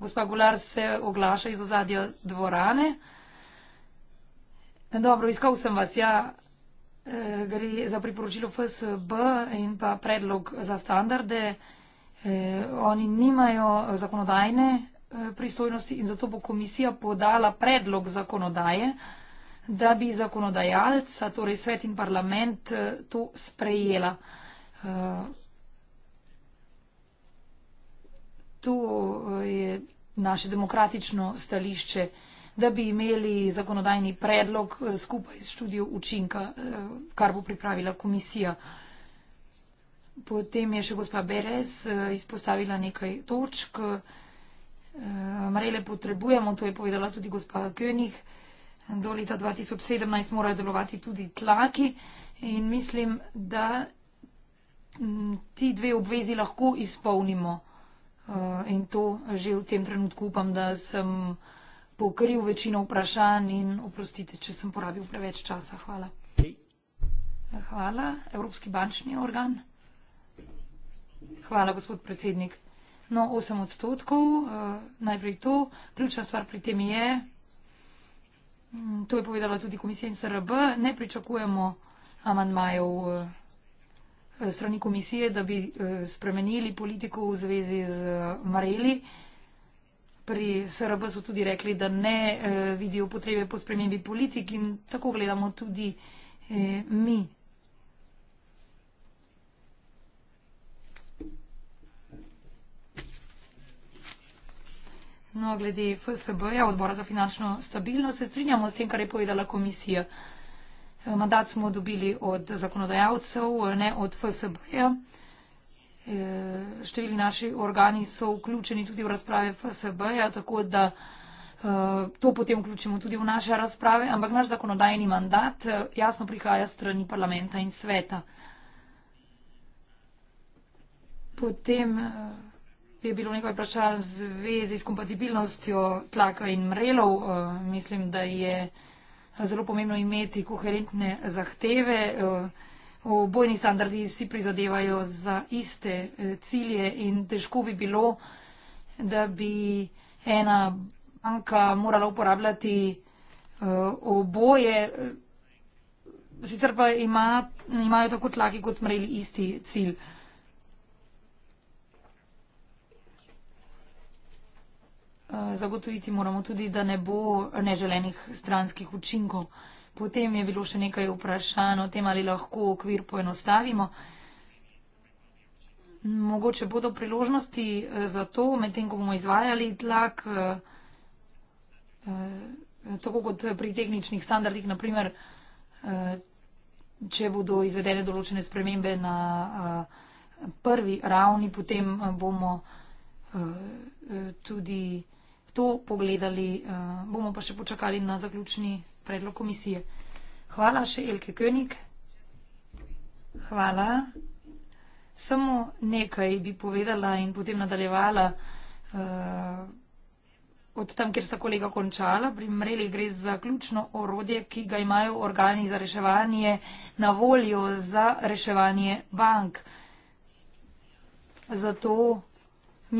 Gospa Gular se oglaša iz ozadja dvorane. Dobro, iskal sem vas, ja, e, gre za priporočilo FSB in pa predlog za standarde. E, oni nimajo zakonodajne e, pristojnosti in zato bo komisija podala predlog zakonodaje, da bi zakonodajalca, torej svet in parlament, to sprejela. tu eh, je naše demokratično stališče, da bi imeli zakonodajni predlog eh, skupaj s študijo učinka, eh, kar bo pripravila komisija. Potem je še gospa Berez izpostavila nekaj točk. Mrele potrebujemo, to je povedala tudi gospa König. Do leta 2017 morajo delovati tudi tlaki in mislim, da mm, ti dve obvezi lahko izpolnimo. Eh, in to že v tem trenutku upam, da sem pokril večino vprašanj in oprostite, če sem porabil preveč časa. Hvala. Hvala. Evropski bančni organ. Hvala, gospod predsednik. No, 8 odstotkov. Eh, najprej to. Ključna stvar pri tem je, mm, to je povedala tudi komisija in SRB, ne pričakujemo amandmajev. Eh, Eh, strani komisije, da bi eh, spremenili politiko v zvezi z eh, Mareli. Pri SRB so tudi rekli, da ne vidijo potrebe po spremembi politik in tako gledamo tudi mi. No, glede FSB-ja, odbora za finančno stabilnost, se strinjamo s tem, kar je povedala komisija. Mandat smo dobili od zakonodajalcev, ne od FSB-ja. E, številni naši organi so vključeni tudi v razprave FSB-ja, tako da e, to potem vključimo tudi v naše razprave, ampak naš zakonodajni mandat e, jasno prihaja strani parlamenta in sveta. Potem je bilo nekaj vprašanj v zvezi s kompatibilnostjo tlaka in mrelov. Mislim, da je zelo pomembno imeti koherentne zahteve. V eh, bojni standardi si prizadevajo za iste eh, cilje in težko bi bilo, da bi ena banka morala uporabljati eh, oboje. Sicer pa ima, imajo tako tlaki kot mreli isti cilj. Eh, zagotoviti moramo tudi, da ne bo neželenih stranskih učinkov. Potem je bilo še nekaj vprašanj o tem, ali lahko okvir poenostavimo. Mogoče bodo priložnosti eh, za to, medtem ko bomo izvajali tlak, eh, tako kot pri tehničnih standardih, naprimer, če bodo izvedene določene spremembe na prvi ravni, potem bomo tudi to pogledali, uh, bomo pa še počakali na zaključni predlog komisije. Hvala še Elke König. Hvala. Samo nekaj bi povedala in potem nadaljevala uh, od tam, kjer sta kolega končala. Pri mreli gre za ključno orodje, ki ga imajo organi za reševanje na voljo za reševanje bank. Zato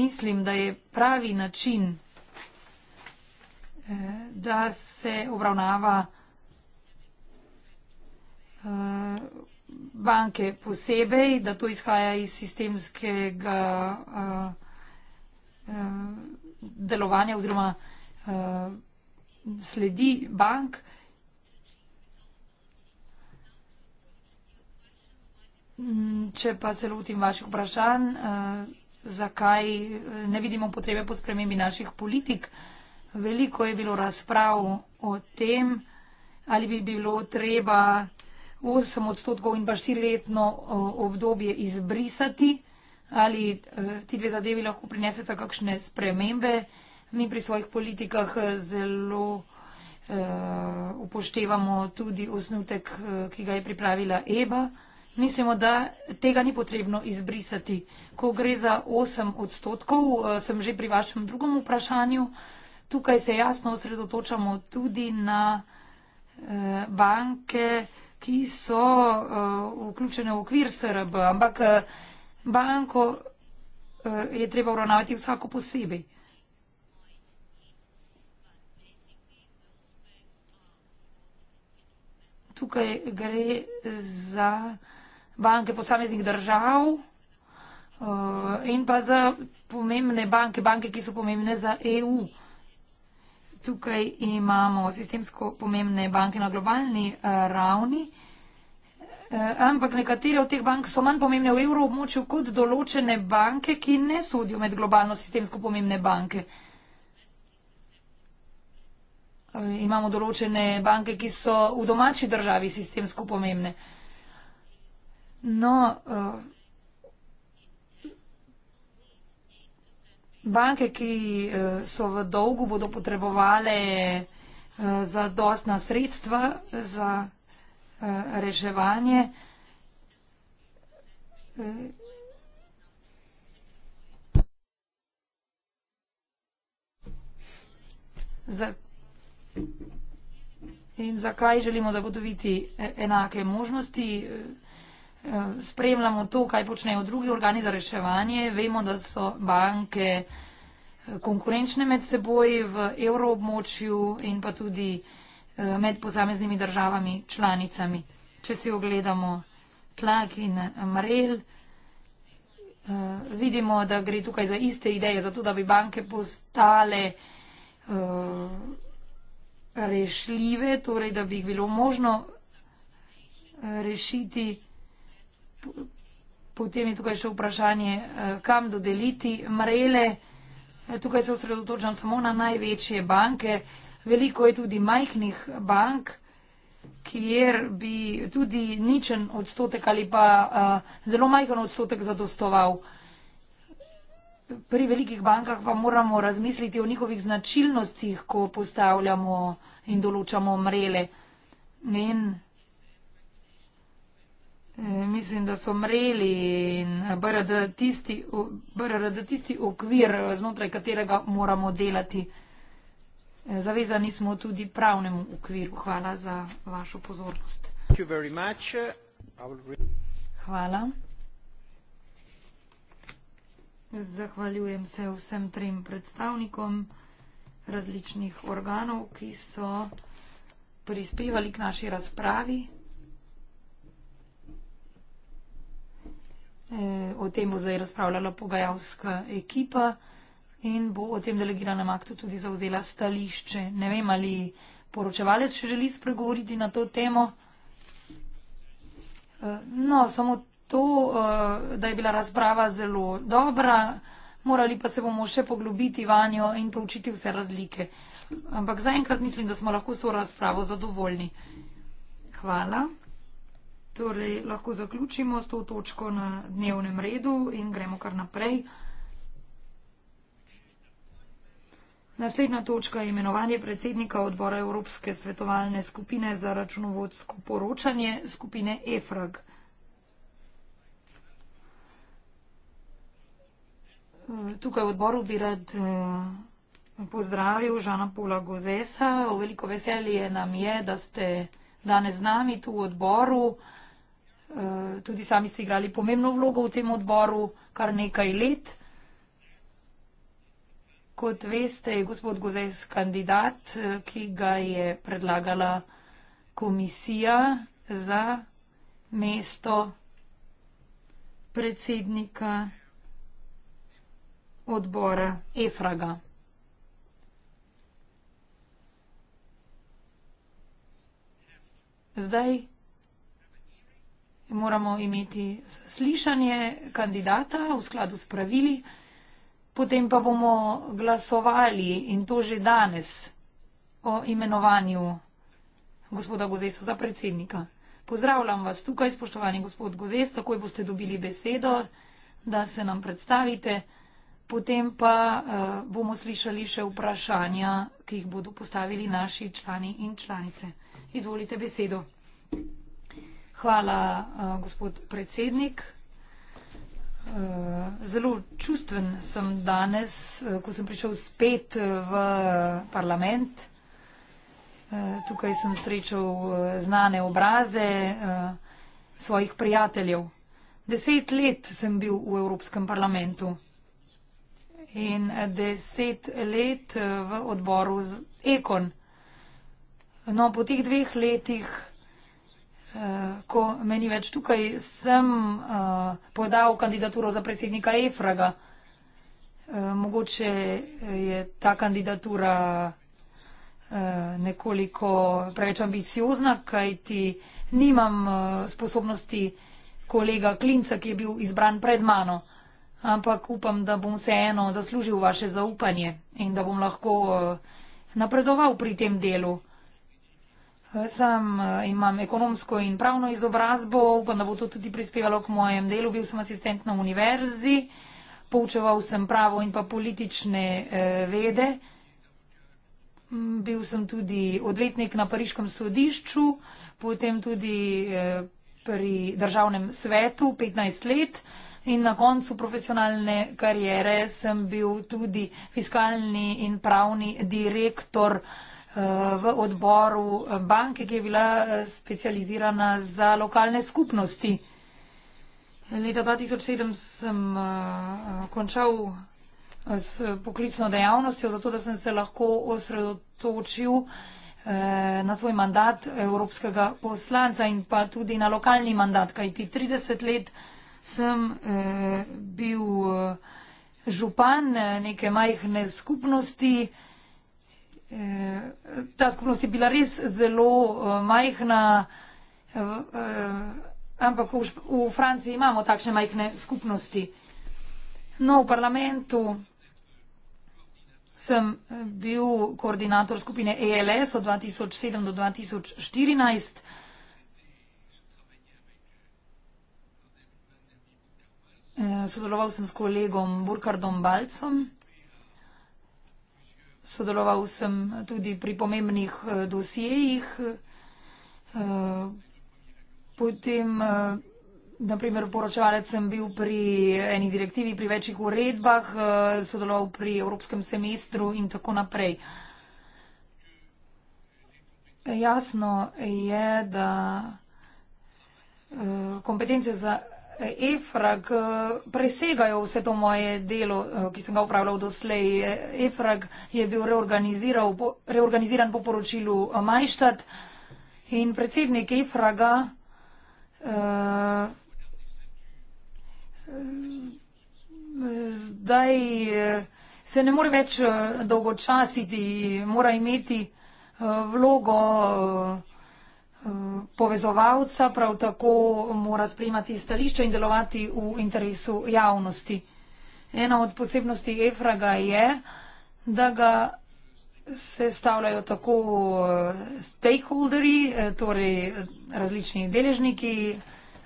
mislim, da je pravi način Eh, da se obravnava eh, banke posebej, da to izhaja iz sistemskega eh, delovanja oziroma sledi bank. Mm, če pa se lotim vaših vprašanj, zakaj ne vidimo potrebe po spremembi naših politik, Veliko je bilo razprav o tem, ali bi bilo treba 8 odstotkov in pa 4-letno obdobje izbrisati, ali e, ti dve zadevi lahko prineseta kakšne spremembe. Mi pri svojih politikah e, zelo uh, upoštevamo tudi osnutek, ki ga je pripravila EBA. Mislimo, da tega ni potrebno izbrisati. Ko gre za 8 odstotkov, sem že pri vašem drugom vprašanju tukaj se jasno osredotočamo tudi na eh, banke, ki so eh, vključene v okvir SRB, ampak eh, banko eh, je treba uravnavati vsako posebej. Tukaj gre za banke posameznih držav uh, in pa za pomembne banke, banke, ki so pomembne za EU tukaj imamo sistemsko pomembne banke na globalni uh, ravni, uh, ampak nekatere od teh bank so manj pomembne v evroobmočju kot določene banke, ki ne sodijo med globalno sistemsko pomembne banke. Uh, imamo določene banke, ki so v domači državi sistemsko pomembne. No, uh, Banke, ki eh, so v dolgu, bodo potrebovali eh, za dostna sredstva, za eh, reševanje. Za in zakaj želimo zagotoviti enake možnosti? spremljamo to, kaj počnejo drugi organi za reševanje. Vemo, da so banke eh, konkurenčne med seboj v evroobmočju in pa tudi eh, med posameznimi državami članicami. Če si ogledamo tlak in eh, marel, vidimo, da gre tukaj za iste ideje, zato da bi banke postale rešljive, torej da bi jih bilo možno rešiti Potem je tukaj še vprašanje, eh, kam dodeliti mrele. Eh, tukaj se osredotočam samo na največje banke. Veliko je tudi majhnih bank, kjer bi tudi ničen odstotek ali pa eh, zelo majhen odstotek zadostoval. Pri velikih bankah pa moramo razmisliti o njihovih značilnostih, ko postavljamo in določamo mrele. In Eh, mislim, da so mreli in BRD tisti, BRD tisti okvir, znotraj katerega moramo delati. Eh, zavezani smo tudi pravnemu okviru. Hvala za vašo pozornost. Hvala. Zahvaljujem se vsem trem predstavnikom različnih organov, ki so prispevali k naši razpravi. O tem bo zdaj razpravljala pogajalska ekipa in bo o tem delegiranem aktu tudi zauzela stališče. Ne vem, ali poročevalec še želi spregovoriti na to temo. Eh, no, samo to, eh, da je bila razprava zelo dobra, morali pa se bomo še poglobiti vanjo in proučiti vse razlike. Ampak zaenkrat mislim, da smo lahko s to razpravo zadovoljni. Hvala. Torej, lahko zaključimo s to točko na dnevnem redu in gremo kar naprej. Naslednja točka je imenovanje predsednika odbora Evropske svetovalne skupine za računovodsko poročanje skupine EFRAG. Tukaj v odboru bi rad eh, pozdravil Žana Pola Gozesa. Veliko veselje nam je, da ste danes z nami tu v odboru. Eh, tudi sami ste igrali pomembno vlogo v tem odboru kar nekaj let. Kot veste, je gospod Gozes kandidat, eh, ki ga je predlagala komisija za mesto predsednika odbora Efraga. Zdaj moramo imeti slišanje kandidata v skladu s pravili, potem pa bomo glasovali in to že danes o imenovanju gospoda Gozesa za predsednika. Pozdravljam vas tukaj, spoštovani gospod Gozes, takoj boste dobili besedo, da se nam predstavite, potem pa uh, bomo slišali še vprašanja, ki jih bodo postavili naši člani in članice. Izvolite besedo. Hvala, uh, gospod predsednik. Uh, zelo čustven sem danes, uh, ko sem prišel spet v parlament. Uh, tukaj sem srečal uh, znane obraze uh, svojih prijateljev. Deset let sem bil v Evropskem parlamentu in deset let uh, v odboru z Ekon. No, po teh dveh letih. Eh, ko meni več tukaj, sem eh, podal kandidaturo za predsednika Efraga. Eh, mogoče je ta kandidatura nekoliko preveč ambiciozna, kajti nimam sposobnosti kolega Klinca, ki je bil izbran pred mano, ampak upam, da bom vseeno zaslužil vaše zaupanje in da bom lahko napredoval pri tem delu. Sam eh, imam ekonomsko in pravno izobrazbo, upam, da bo to tudi prispevalo k mojem delu. Bil sem asistent na univerzi, poučeval sem pravo in pa politične eh, vede. Mm, bil sem tudi odvetnik na Pariškem sodišču, potem tudi eh, pri državnem svetu 15 let in na koncu profesionalne kariere sem bil tudi fiskalni in pravni direktor v odboru banke, ki je bila eh, specializirana za lokalne skupnosti. Leta 2007 sem eh, končal eh, s poklicno dejavnostjo, zato da sem se lahko osredotočil na svoj mandat evropskega poslanca in pa tudi na lokalni mandat, kajti 30 let sem bil župan neke majhne skupnosti, Eh, ta skupnost je bila res zelo eh, majhna, eh, ampak v Franciji imamo takšne majhne skupnosti. No, v parlamentu sem bil koordinator skupine ALS e od 2007 do 2014. Sodeloval sem s kolegom Burkardom Balcom sodeloval sem tudi pri pomembnih eh, dosjejih. Eh, potem, eh, naprimer, poročevalec sem bil pri eni direktivi, pri večjih uredbah, sodeloval pri evropskem semestru in tako naprej. Jasno je, da kompetence za Efrag eh, presegajo vse to moje delo, eh, ki sem ga upravljal doslej. Efrag je bil reorganiziran po poročilu Majštad in predsednik Efraga eh, zdaj se ne more več dolgočasiti, mora imeti vlogo vlogo povezovalca, prav tako mora sprejemati stališče in delovati v interesu javnosti. Ena od posebnosti Efraga je, da ga sestavljajo tako eh, stakeholderi, eh, torej različni deležniki,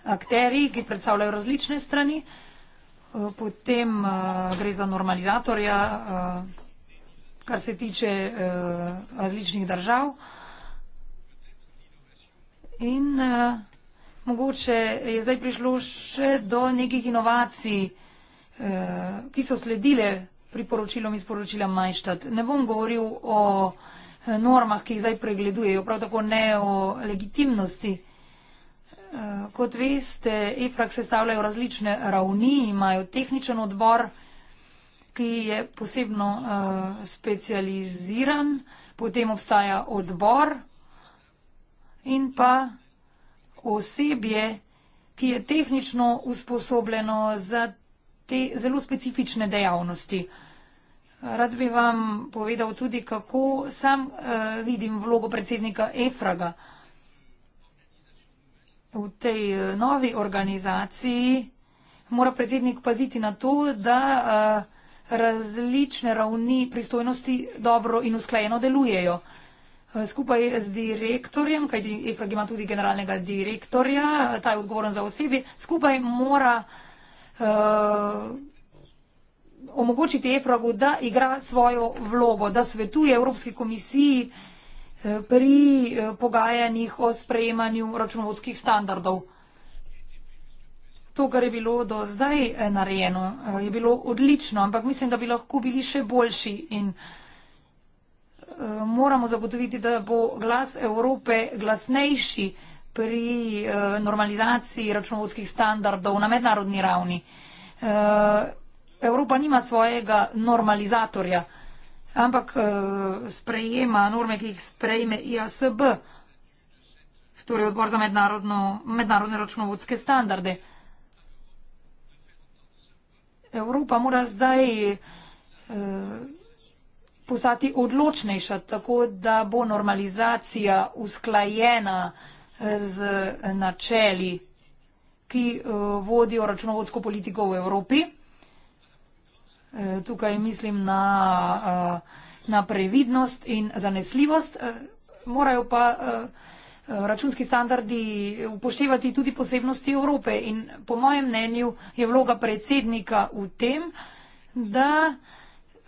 akteri, ki predstavljajo različne strani, eh, potem gre za normalizatorja, kar se tiče različnih držav. In uh, mogoče je zdaj prišlo še do nekih inovacij, uh, ki so sledile priporočilom iz poročila Majštad. Ne bom govoril o eh, normah, ki jih zdaj pregledujejo, prav tako ne o legitimnosti. Kot veste, EFRAK se stavljajo različne ravni, imajo tehničen odbor, ki je posebno uh, specializiran, potem obstaja odbor, in pa osebje, ki je tehnično usposobljeno za te zelo specifične dejavnosti. Rad bi vam povedal tudi, kako sam uh, vidim vlogo predsednika Efraga v tej uh, novi organizaciji. Mora predsednik paziti na to, da uh, različne ravni pristojnosti dobro in usklajeno delujejo. Uh, Eh, skupaj z direktorjem, kajti Efrag ima tudi generalnega direktorja, ta je odgovoren za osebi, skupaj mora uh, omogočiti Efragu, da igra svojo vlogo, da svetuje Evropski komisiji eh, pri pogajanjih o sprejemanju računovodskih standardov. To, kar je bilo do zdaj narejeno, je bilo odlično, ampak mislim, da bi lahko bili še boljši in uh, Eh, moramo zagotoviti, da bo glas Evrope glasnejši pri eh, normalizaciji računovodskih standardov na mednarodni ravni. Eh, Evropa nima svojega normalizatorja, ampak sprejema norme, ki jih sprejme IASB, torej odbor za mednarodne računovodske standarde. Evropa mora zdaj postati odločnejša, tako da bo normalizacija usklajena eh, z eh, načeli, ki eh, vodijo računovodsko politiko v Evropi. Tukaj mislim na, na previdnost in zanesljivost. Morajo pa računski standardi upoštevati tudi posebnosti Evrope. In po mojem mnenju je vloga predsednika v tem, da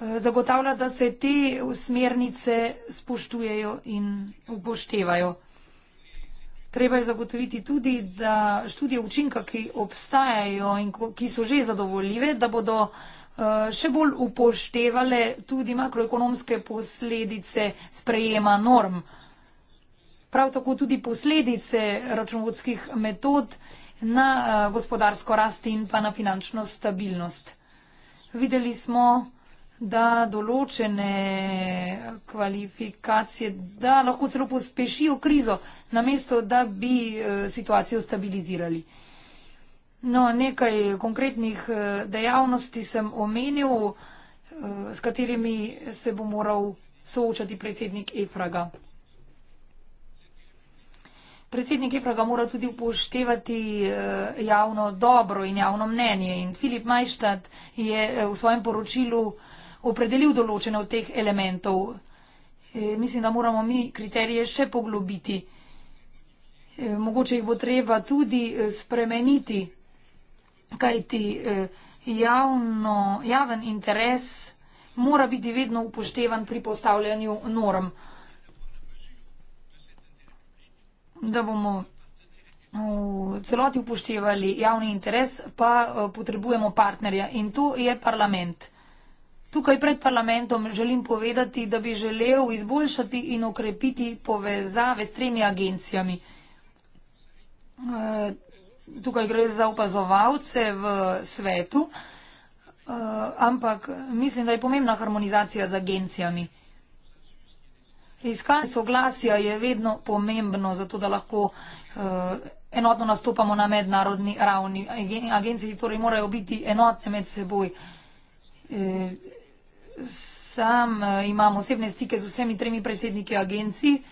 zagotavlja, da se te smernice spoštujejo in upoštevajo. Treba je zagotoviti tudi, da študije učinka, ki obstajajo in ki so že zadovoljive, da bodo eh, še bolj upoštevale tudi makroekonomske posledice sprejema norm. Prav tako tudi posledice računovodskih metod na eh, gospodarsko rast in pa na finančno stabilnost. Videli smo, da določene kvalifikacije, da lahko celo pospešijo krizo, namesto da bi eh, situacijo stabilizirali. No, nekaj konkretnih eh, dejavnosti sem omenil, eh, s katerimi se bo moral soočati predsednik Efraga. Predsednik Efraga mora tudi upoštevati javno dobro in javno mnenje. In Filip Majštad je v svojem poročilu povedal, opredelil določene od teh elementov. E, mislim, da moramo mi kriterije še poglobiti. E, mogoče jih bo treba tudi e, spremeniti, kajti e, javno, javen interes mora biti vedno upoštevan pri postavljanju norm. Da bomo v celoti upoštevali javni interes, pa e, potrebujemo partnerja in to je parlament. Tukaj pred parlamentom želim povedati, da bi želel izboljšati in okrepiti povezave s tremi agencijami. Eh, tukaj gre za opazovalce v svetu, eh, ampak mislim, da je pomembna harmonizacija z agencijami. Iskanje soglasja je vedno pomembno, zato da lahko eh, enotno nastopamo na mednarodni ravni. Agenciji torej morajo biti enotne med seboj sam eh, imam osebne stike z vsemi tremi predsedniki agencij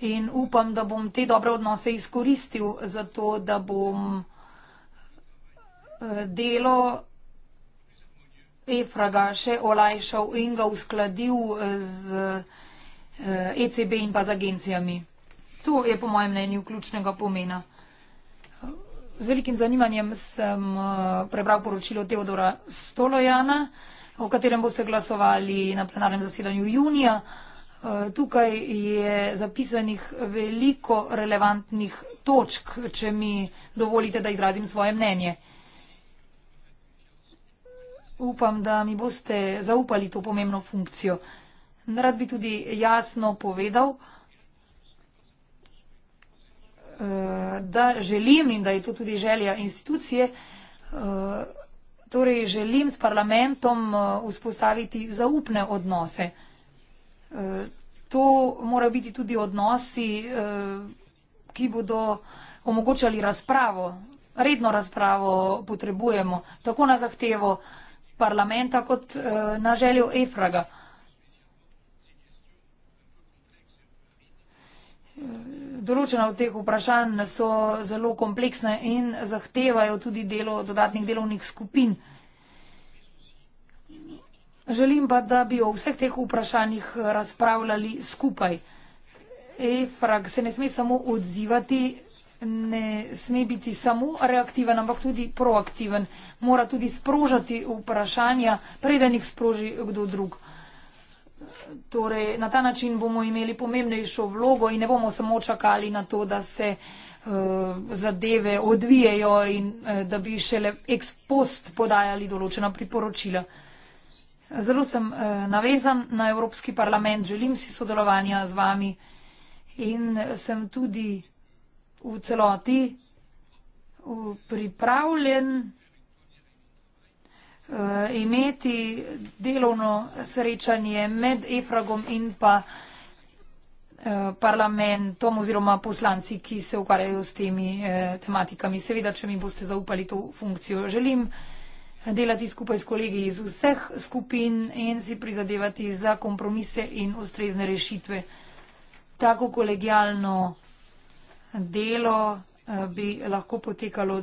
in upam, da bom te dobre odnose izkoristil za to, da bom eh, delo Efraga še olajšal in ga uskladil eh, z ECB e in pa z agencijami. To je po mojem mnenju ključnega pomena. Z velikim zanimanjem sem prebral poročilo Teodora Stolojana, ki je o katerem boste glasovali na plenarnem zasedanju junija. Eh, tukaj je zapisanih veliko relevantnih točk, če mi dovolite, da izrazim svoje mnenje. Upam, da mi boste zaupali to pomembno funkcijo. Rad bi tudi jasno povedal, eh, da želim in da je to tudi želja institucije, eh, Torej, želim s parlamentom eh, vzpostaviti zaupne odnose. Eh, to morajo biti tudi odnosi, eh, ki bodo omogočali razpravo. Redno razpravo potrebujemo, tako na zahtevo parlamenta, kot na željo Efraga določena od teh vprašanj so zelo kompleksna in zahtevajo tudi delo dodatnih delovnih skupin. Želim pa, da bi o vseh teh vprašanjih razpravljali skupaj. Efrag se ne sme samo odzivati, ne sme biti samo reaktiven, ampak tudi proaktiven. Mora tudi sprožati vprašanja, preden jih sproži kdo drug. Torej, na ta način bomo imeli pomembnejšo vlogo in ne bomo samo čakali na to, da se eh, zadeve odvijejo in eh, da bi šele ex post podajali določena priporočila. Zelo sem eh, navezan na Evropski parlament, želim si sodelovanja z vami in sem tudi v celoti pripravljen uh, imeti delovno srečanje med EFRAGom in pa eh, parlamentom oziroma poslanci, ki se ukvarjajo s temi eh, tematikami. Seveda, če mi boste zaupali to funkcijo. Želim delati skupaj s kolegi iz vseh skupin in si prizadevati za kompromise in ustrezne rešitve. Tako kolegijalno delo eh, bi lahko potekalo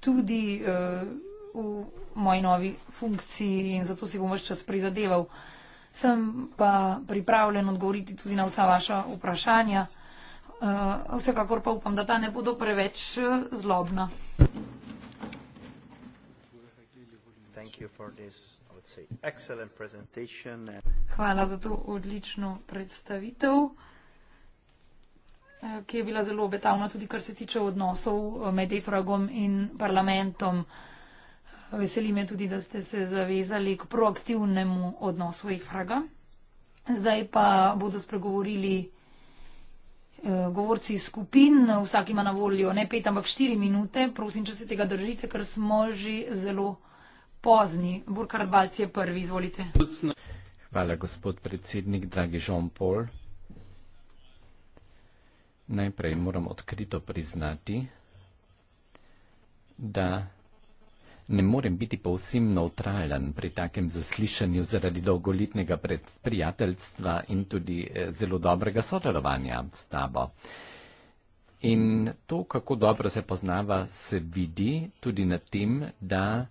tudi. Eh, v moji novi funkciji in zato si bom vse čas prizadeval. Sem pa pripravljen odgovoriti tudi na vsa vaša vprašanja. Eh, vsekakor pa upam, da ta ne bodo preveč eh, zlobna. Hvala za to odlično predstavitev, eh, ki je bila zelo obetavna tudi kar se tiče odnosov med EFRAG-om in parlamentom. Veseli me tudi, da ste se zavezali k proaktivnemu odnosu Ifraga. Zdaj pa bodo spregovorili eh, govorci skupin, vsak ima na voljo ne pet, ampak štiri minute. Prosim, če se tega držite, ker smo že zelo pozni. Burkard Balc je prvi, izvolite. Hvala, gospod predsednik, dragi Jean-Paul. Najprej moram odkrito priznati, da ne morem biti povsem neutralen pri takem zaslišanju zaradi dolgoletnega prijateljstva in tudi eh, zelo dobrega sodelovanja s tabo. In to, kako dobro se poznava, se vidi tudi na tem, da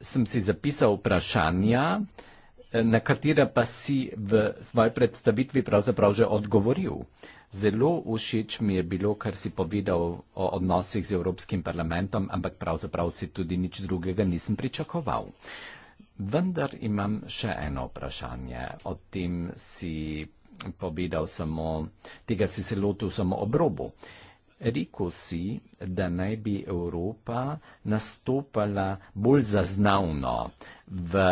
sem si zapisal vprašanja, eh, na katera pa si v svoji predstavitvi pravzaprav že odgovoril. Zelo všeč mi je bilo, kar si povedal o odnosih z Evropskim parlamentom, ampak pravzaprav si tudi nič drugega nisem pričakoval. Vendar imam še eno vprašanje. O tem si povedal samo, tega si se lotil samo obrobu. Rekl si, da naj bi Evropa nastopala bolj zaznavno v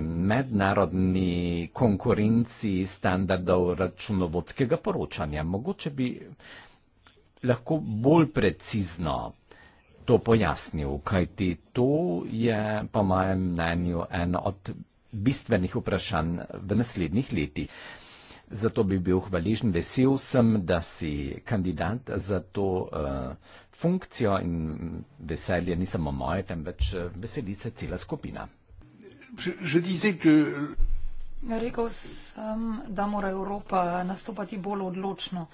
mednarodni konkurenci standardov računovodskega poročanja. Mogoče bi lahko bolj precizno to pojasnil, kajti to je, po mojem mnenju, eno od bistvenih vprašanj v naslednjih letih. Zato bi bil hvaležen, vesel sem, da si kandidat za to uh, funkcijo in veselje ni samo moje, temveč eh, veseli se cela skupina. Je disais que. Rekel sem, da mora Evropa nastopati bolj odločno.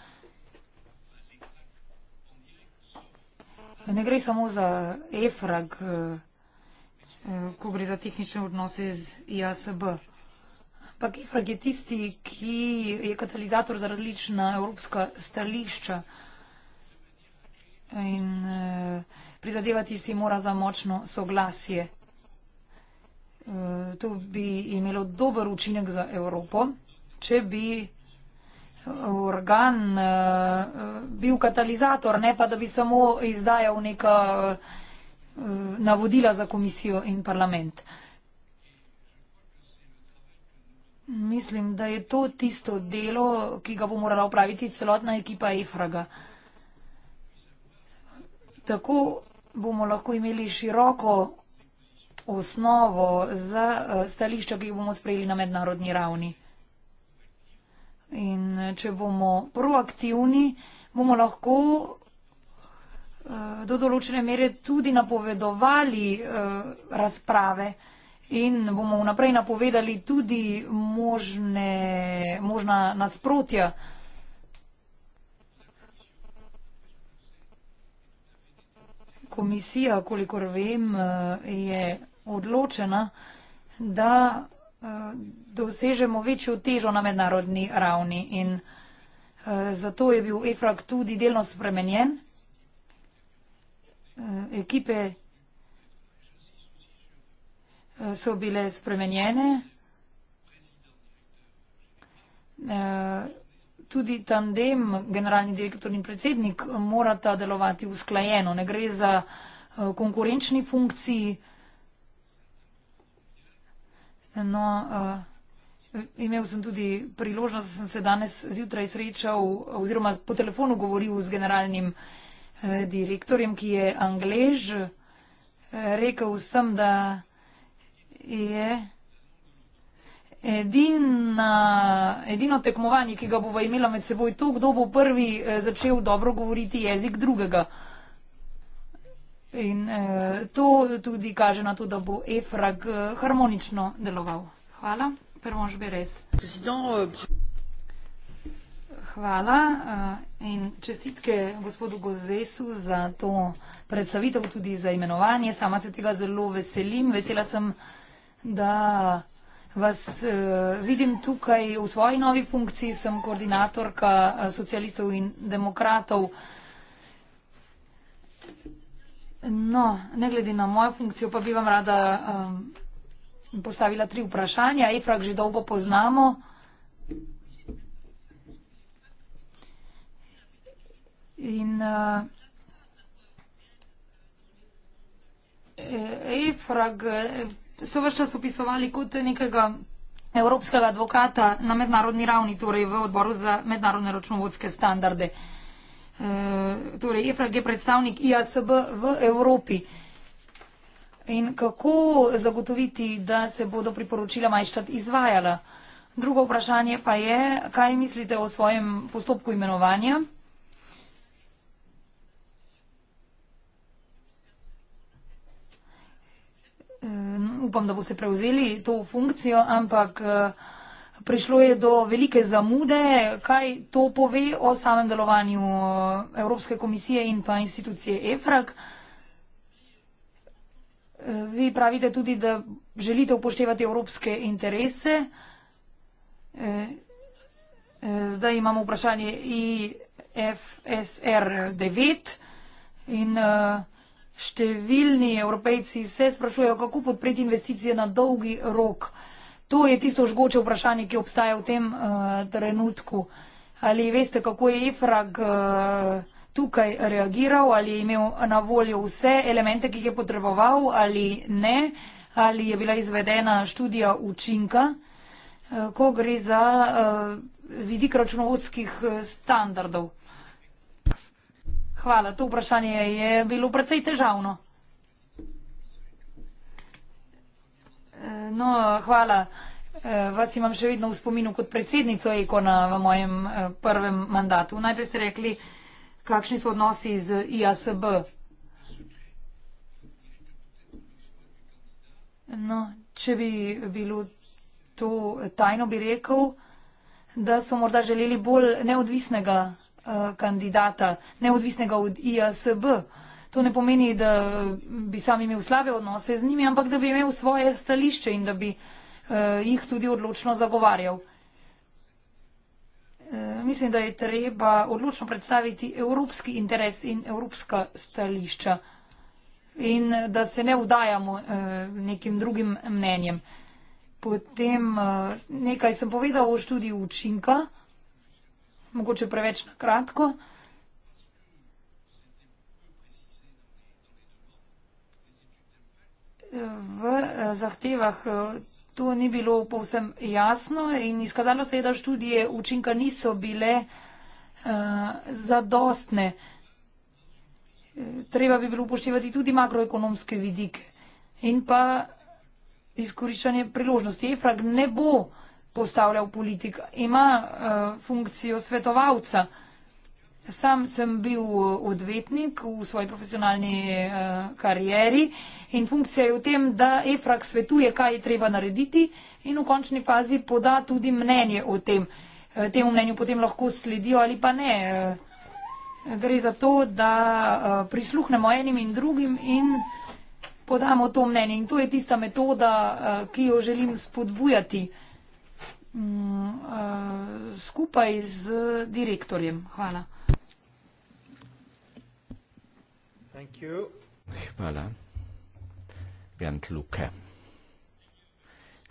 Ne gre samo za EFRAG, eh, ko gre za tehnične odnose z IASB. Ampak EFRAG je tisti, ki je katalizator za različna evropska stališča. In eh, prizadevati si mora za močno soglasje. Eh, to bi imelo dober učinek za Evropo, če bi eh, organ eh, bil katalizator, ne pa da bi samo izdajal neka navodila za komisijo in parlament. Mislim, da je to tisto delo, ki ga bo morala upraviti celotna ekipa EFRAG-a. Tako bomo lahko imeli široko osnovo za eh, stališča, ki jih bomo sprejeli na mednarodni ravni. In eh, če bomo proaktivni, bomo lahko eh, do določene mere tudi napovedovali razprave in bomo vnaprej napovedali tudi možne, možna nasprotja. Komisija, kolikor vem, je odločena, da eh, dosežemo večjo težo na mednarodni ravni in eh, zato je bil EFRAG tudi delno spremenjen. Eh, ekipe so bile spremenjene. Tudi tandem, generalni direktor in predsednik, morata delovati usklajeno. Ne gre za konkurenčni funkciji, No, uh, imel sem tudi priložnost, da sem se danes zjutraj srečal oziroma po telefonu govoril z generalnim uh, direktorjem, ki je anglež. Uh, rekel sem, da je edina, edino tekmovanje, ki ga bova imela med seboj, to, kdo bo prvi začel dobro govoriti jezik drugega. Uh, In eh, to tudi kaže na to, da bo Efrag eh, harmonično deloval. Hvala, Prvož Beres. Hvala eh, in čestitke gospodu Gozesu za to predstavitev, tudi za imenovanje. Sama se tega zelo veselim. Vesela sem, da vas eh, vidim tukaj v svoji novi funkciji. Sem koordinatorka socialistov in demokratov. No, ne glede na mojo funkcijo, pa bi vam rada um, postavila tri vprašanja. Efrak že dolgo poznamo. In uh, e, Efrag e, so vse čas opisovali kot nekega evropskega advokata na mednarodni ravni, torej v odboru za mednarodne računovodske standarde. Uh, Eh, torej Efrag je predstavnik IASB v Evropi. In kako zagotoviti, da se bodo priporočila majščat izvajala? Drugo vprašanje pa je, kaj mislite o svojem postopku imenovanja? Eh, upam, da boste prevzeli to funkcijo, ampak eh, prišlo je do velike zamude. Kaj to pove o samem delovanju eh, Evropske komisije in pa institucije EFRAG? Eh, vi pravite tudi, da želite upoštevati evropske interese. Eh, zdaj imamo vprašanje IFSR 9 in številni evropejci se sprašujejo, kako podpreti investicije na dolgi rok. To je tisto žgoče vprašanje, ki obstaja v tem uh, trenutku. Ali veste, kako je Ifrag uh, eh, tukaj reagiral, ali je imel na voljo vse elemente, ki jih je potreboval, ali ne, ali je bila izvedena študija učinka, uh, ko gre za uh, vidik računovodskih standardov. Hvala, to vprašanje je bilo precej težavno. Eh, no, hvala. Eh, vas imam še vedno v spominu kot predsednico Ekona v mojem eh, prvem mandatu. Najprej ste rekli, kakšni so odnosi z IASB. No, če bi bilo to tajno, bi rekel, da so morda želeli bolj neodvisnega kandidata, neodvisnega od IASB. To ne pomeni, da bi sam imel slabe odnose z njimi, ampak da bi imel svoje stališče in da bi uh, jih tudi odločno zagovarjal. Uh, mislim, da je treba odločno predstaviti evropski interes in evropska stališča in da se ne vdajamo uh, nekim drugim mnenjem. Potem uh, nekaj sem povedal o študiju učinka, mogoče preveč na kratko. Uh, v eh, zahtevah eh, to ni bilo povsem jasno in izkazalo se je, da študije učinka niso bile uh, zadostne. Treba bi bilo upoštevati tudi makroekonomske vidike in pa izkoriščanje priložnosti. EFRAG ne bo postavljal politika, ima uh, funkcijo svetovalca. Sam sem bil uh, odvetnik v svoji profesionalni uh, karieri in funkcija je v tem, da EFRAK svetuje, kaj je treba narediti in v končni fazi poda tudi mnenje o tem. Uh, temu mnenju potem lahko sledijo ali pa ne. Uh, gre za to, da uh, prisluhnemo enim in drugim in podamo to mnenje. In to je tista metoda, uh, ki jo želim spodbujati. Mm, uh, skupaj z direktorjem. Hvala. Thank you. Hvala. Bernd Luke.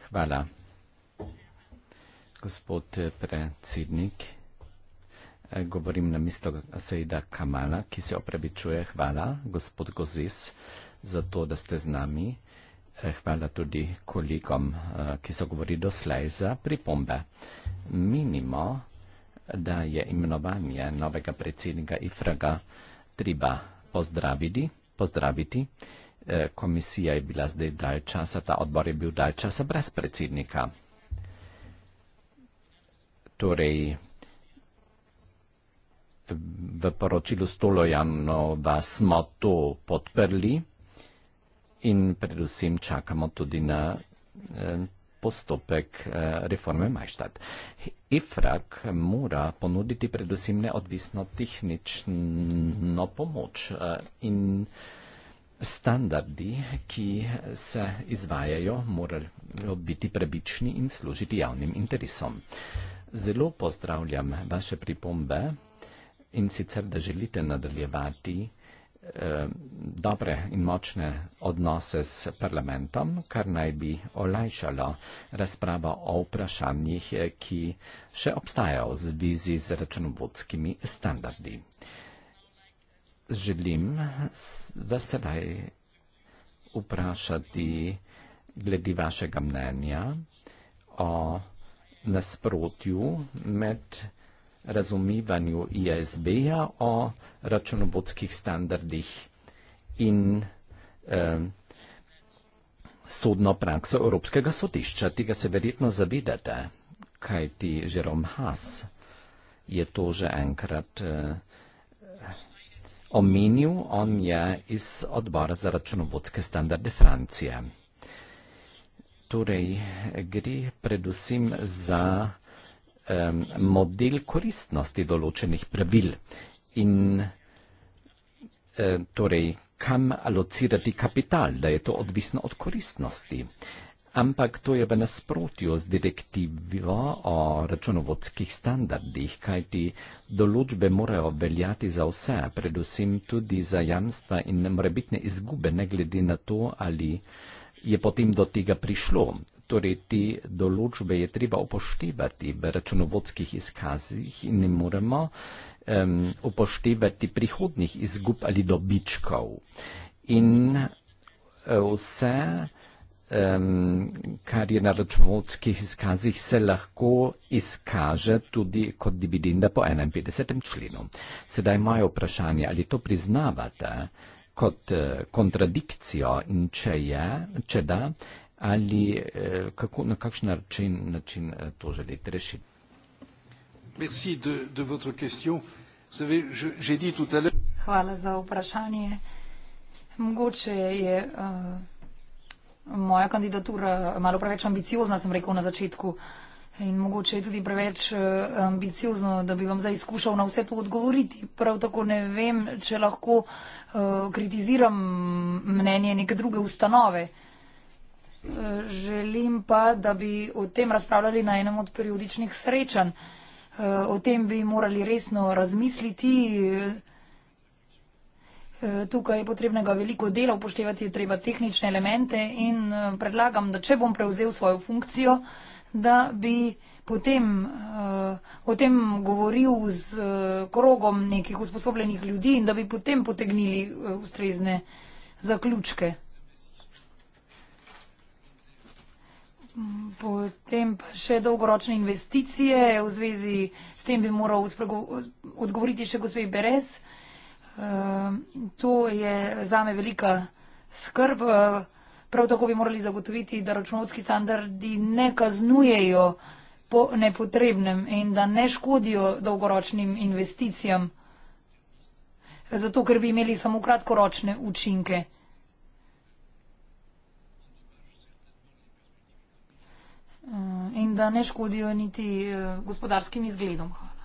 Hvala. Gospod eh, predsednik, eh, govorim na mesto Sejda Kamala, ki se opravičuje. Hvala, gospod Gozis, za to, da ste z nami. Eh, hvala tudi kolegom, ki so govorili do slej za pripombe. Minimo, da je imenovanje novega predsednika Ifraga treba pozdravili, pozdraviti. Eh, komisija je bila zdaj dalj časa, ta odbor je bil dalj časa brez predsednika. Torej, v poročilu Stolojanova smo to podprli in predvsem čakamo tudi na eh, postopek eh, reforme Majštad. Ifrak mora ponuditi predvsem neodvisno tehnično pomoč eh, in standardi, ki se izvajajo, morajo biti prebični in služiti javnim interesom. Zelo pozdravljam vaše pripombe in sicer, da želite nadaljevati uh, Eh, dobre in močne odnose s parlamentom, kar naj bi olajšalo razpravo o vprašanjih, eh, ki še obstajajo v zvezi z računovodskimi standardi. Želim vas sedaj vprašati glede vašega mnenja o nasprotju med razumevanju ISB-ja o računovodskih standardih in eh, sodno prakso Evropskega sodišča. Tega se verjetno zavedate, kaj ti Jerome Haas je to že enkrat eh, omenil. On je iz odbora za računovodske standarde Francije. Torej, gre predvsem za um, model koristnosti določenih pravil in um, torej kam alocirati kapital, da je to odvisno od koristnosti. Ampak to je v nasprotju z direktivo o računovodskih standardih, kajti določbe morajo veljati za vse, predvsem tudi za jamstva in morebitne izgube, ne glede na to, ali je potem do tega prišlo torej te določbe je treba upoštevati v računovodskih izkazih in ne moremo um, upoštevati prihodnih izgub ali dobičkov. In eh, vse, um, kar je na računovodskih izkazih, se lahko izkaže tudi kot dividenda po 51. členu. Sedaj moje vprašanje, ali to priznavate kot eh, kontradikcijo in če je, če da, ali mhm. eh, kako, na kakšen način, način eh, to želite rešiti. Hvala za vprašanje. Mogoče je uh, moja kandidatura malo preveč ambiciozna, sem rekel na začetku. In mogoče je tudi preveč eh, ambiciozno, da bi vam zdaj skušal na vse to odgovoriti. Prav tako ne vem, če lahko uh, kritiziram mnenje neke druge ustanove. Uh, Želim pa, da bi o tem razpravljali na enem od periodičnih srečanj. O tem bi morali resno razmisliti. Tukaj je potrebnega veliko dela, upoštevati je treba tehnične elemente in predlagam, da če bom prevzel svojo funkcijo, da bi potem o tem govoril z krogom nekih usposobljenih ljudi in da bi potem potegnili ustrezne zaključke. Potem pa še dolgoročne investicije. V zvezi s tem bi moral odgovoriti še gospe Beres. Ehm, to je zame velika skrb. Ehm, prav tako bi morali zagotoviti, da računovski standardi ne kaznujejo po nepotrebnem in da ne škodijo dolgoročnim investicijam, zato ker bi imeli samo kratkoročne učinke. in da ne škodijo niti eh, gospodarskim izgledom. Hvala.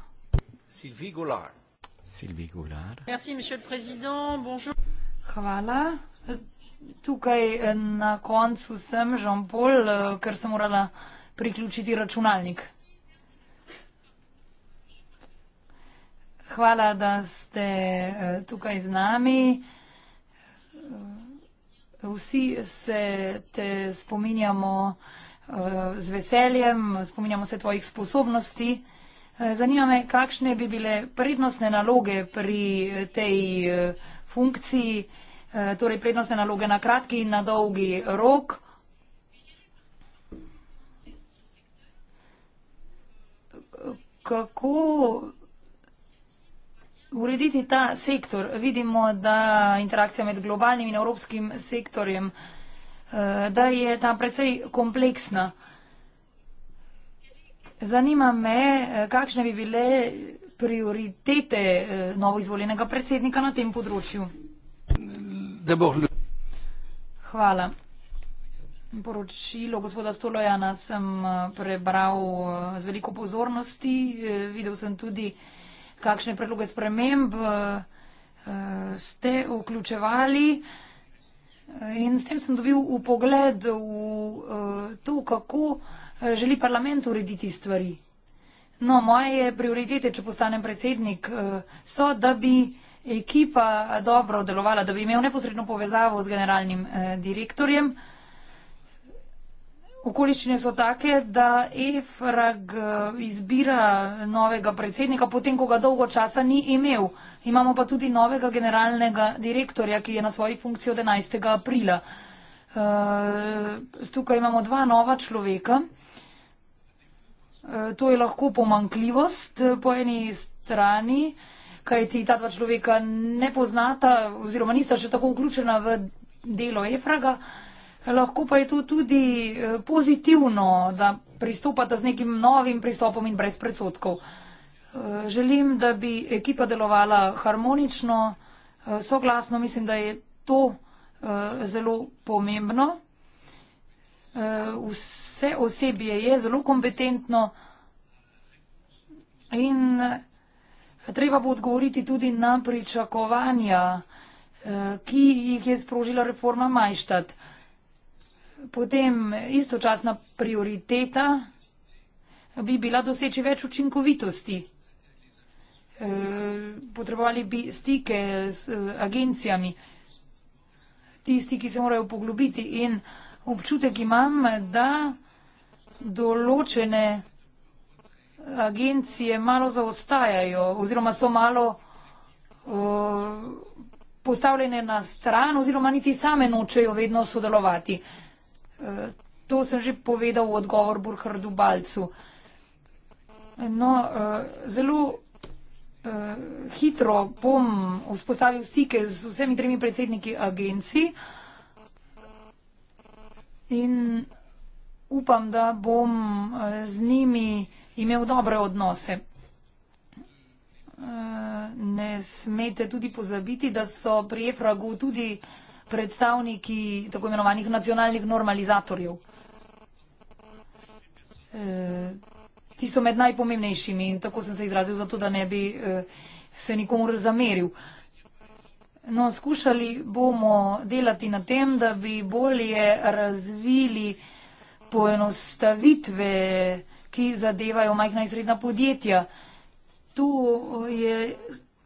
Sylvie Goulard. Sylvie Goulard. Merci, monsieur le président. Bonjour. Hvala. Tukaj eh, na koncu sem Jean-Paul, eh, ker sem morala priključiti računalnik. Hvala, da ste tukaj z nami. Vsi se te spominjamo z veseljem, spominjamo se tvojih sposobnosti. Zanima me, kakšne bi bile prednostne naloge pri tej eh, funkciji, eh, torej prednostne naloge na kratki in na dolgi rok. Kako urediti ta sektor? Vidimo, da interakcija med globalnim in evropskim sektorjem Eh, da je ta precej kompleksna. Zanima me, eh, kakšne bi bile prioritete eh, novoizvoljenega predsednika na tem področju. Hvala. Poročilo gospoda Stolojana sem prebral z veliko pozornosti. Videl sem tudi, kakšne predloge sprememb ste vključevali. In s tem sem dobil v pogled v eh, to, kako eh, želi parlament urediti stvari. No, moje prioritete, če postanem predsednik, eh, so, da bi ekipa dobro delovala, da bi imel neposredno povezavo z generalnim direktorjem. Okolične so take, da Efrag eh, izbira novega predsednika, potem ko ga dolgo časa ni imel. Imamo pa tudi novega generalnega direktorja, ki je na svoji funkciji od 11. aprila. E, tukaj imamo dva nova človeka. E, to je lahko pomankljivost po eni strani, kajti ta dva človeka ne poznata oziroma nista še tako vključena v delo Efraga. Lahko pa je to tudi eh, pozitivno, da pristopate z nekim novim pristopom in brez predsotkov. Eh, želim, da bi ekipa delovala harmonično, eh, soglasno, mislim, da je to zelo pomembno. Vse osebje je zelo kompetentno in treba bo odgovoriti tudi na pričakovanja, ki jih je sprožila reforma Majštad potem istočasna prioriteta bi bila doseči več učinkovitosti. E, potrebovali bi stike z e, agencijami, tisti, ki se morajo poglobiti in občutek imam, da določene agencije malo zaostajajo oziroma so malo e, postavljene na stran oziroma niti same nočejo vedno sodelovati. To sem že povedal v odgovor Burhardu Balcu. No, eh, zelo eh, hitro bom vzpostavil stike z vsemi tremi predsedniki agencij in upam, da bom eh, z njimi imel dobre odnose. Ne smete tudi pozabiti, da so pri EFRAG-u tudi predstavniki tako imenovanih nacionalnih normalizatorjev. E, ti so med najpomembnejšimi in tako sem se izrazil, zato da ne bi e, se nikomu zameril. No, skušali bomo delati na tem, da bi bolje razvili poenostavitve, ki zadevajo majhna in srednja podjetja. Tu je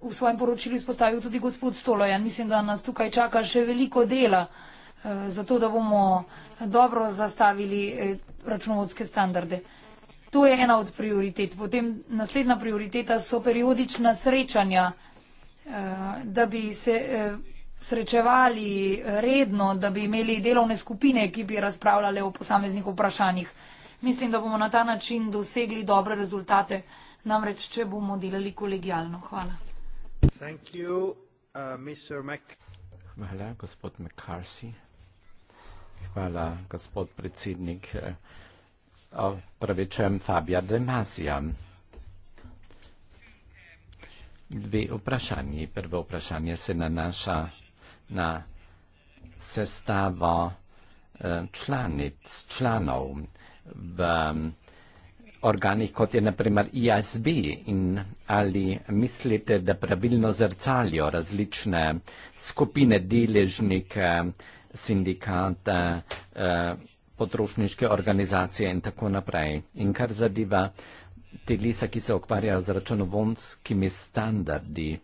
v svojem poročilu izpostavil tudi gospod Stolojan. Mislim, da nas tukaj čaka še veliko dela, eh, zato da bomo dobro zastavili eh, računovodske standarde. To je ena od prioritet. Potem naslednja prioriteta so periodična srečanja, eh, da bi se srečevali redno, da bi imeli delovne skupine, ki bi razpravljale o posameznih vprašanjih. Mislim, da bomo na ta način dosegli dobre rezultate, namreč če bomo delali kolegijalno. Hvala. Thank you, uh, Mr. Mac- Hvala, gospod McCarthy. Hvala, gospod predsednik. Eh, opravičujem Fabija Demasija. Dve vprašanje. Prvo vprašanje se nanaša na sestavo eh, članic, članov v organih, kot je naprimer ISB in ali mislite, da pravilno zrcalijo različne skupine deležnike, sindikate, eh, potrošniške organizacije in tako naprej. In kar zadeva te lisa, ki se ukvarjajo z računovonskimi standardi,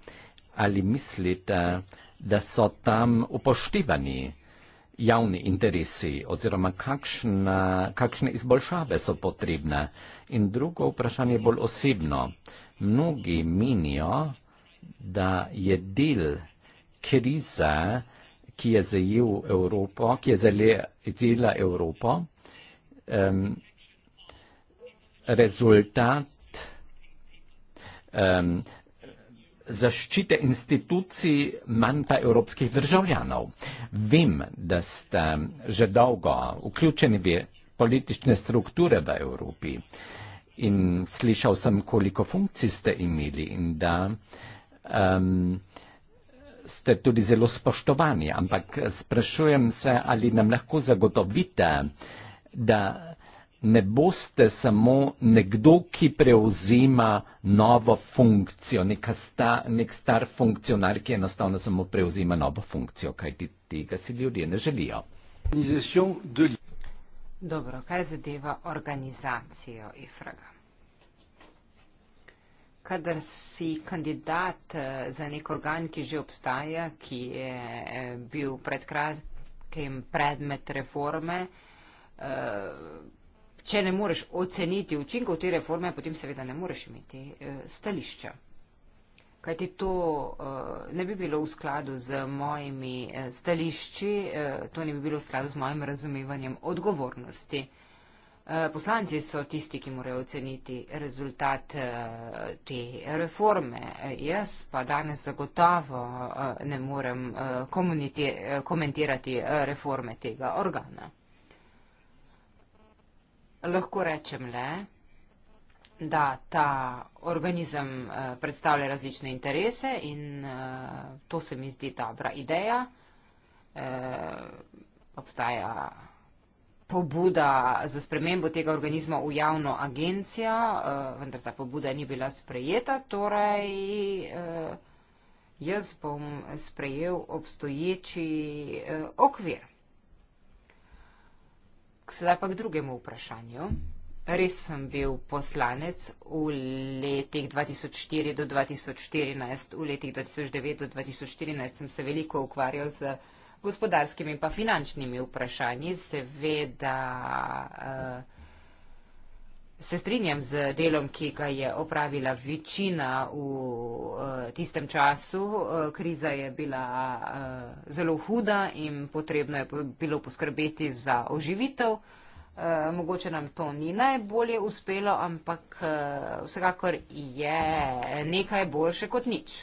ali mislite, da so tam upoštevani javni interesi oziroma kakšna, kakšne izboljšave so potrebne. In drugo vprašanje je bolj osebno. Mnogi menijo, da je del krize, ki je zajel Evropo, ki je zajela Evropo, um, rezultat um, zaščite institucij, manj pa evropskih državljanov. Vem, da ste že dolgo vključeni v politične strukture v Evropi in slišal sem, koliko funkcij ste imeli in da um, ste tudi zelo spoštovani, ampak sprašujem se, ali nam lahko zagotovite, da ne boste samo nekdo, ki prevzema novo funkcijo, sta, nek star funkcionar, ki enostavno samo prevzema novo funkcijo, kajti tega si ljudje ne želijo. Dobro, kar zadeva organizacijo IFRAGA. Kadar si kandidat eh, za nek organ, ki že obstaja, ki je eh, bil pred kratkim predmet reforme, eh, če ne moreš oceniti učinkov te reforme, potem seveda ne moreš imeti eh, stališča. Kaj ti to eh, ne bi bilo v skladu z mojimi eh, stališči, to ne bi bilo v skladu z mojim razumevanjem odgovornosti. Poslanci so tisti, ki morajo oceniti rezultat te reforme. Jaz pa danes zagotovo ne morem komentirati reforme tega organa. Lahko rečem le, da ta organizem eh, predstavlja različne interese in eh, to se mi zdi dobra ideja. Eh, obstaja pobuda za spremembo tega organizma v javno agencijo, vendar ta pobuda ni bila sprejeta, torej jaz bom sprejel obstoječi okvir. Sedaj pa k drugemu vprašanju. Res sem bil poslanec v letih 2004 do 2014. V letih 2009 do 2014 sem se veliko ukvarjal z gospodarskimi in pa finančnimi vprašanji. Seveda. Uh, Se strinjam z delom, ki ga je opravila večina v eh, tistem času. Eh, kriza je bila eh, zelo huda in potrebno je bilo poskrbeti za oživitev. Mogoče nam to ni najbolje uspelo, ampak vsekakor je nekaj boljše kot nič.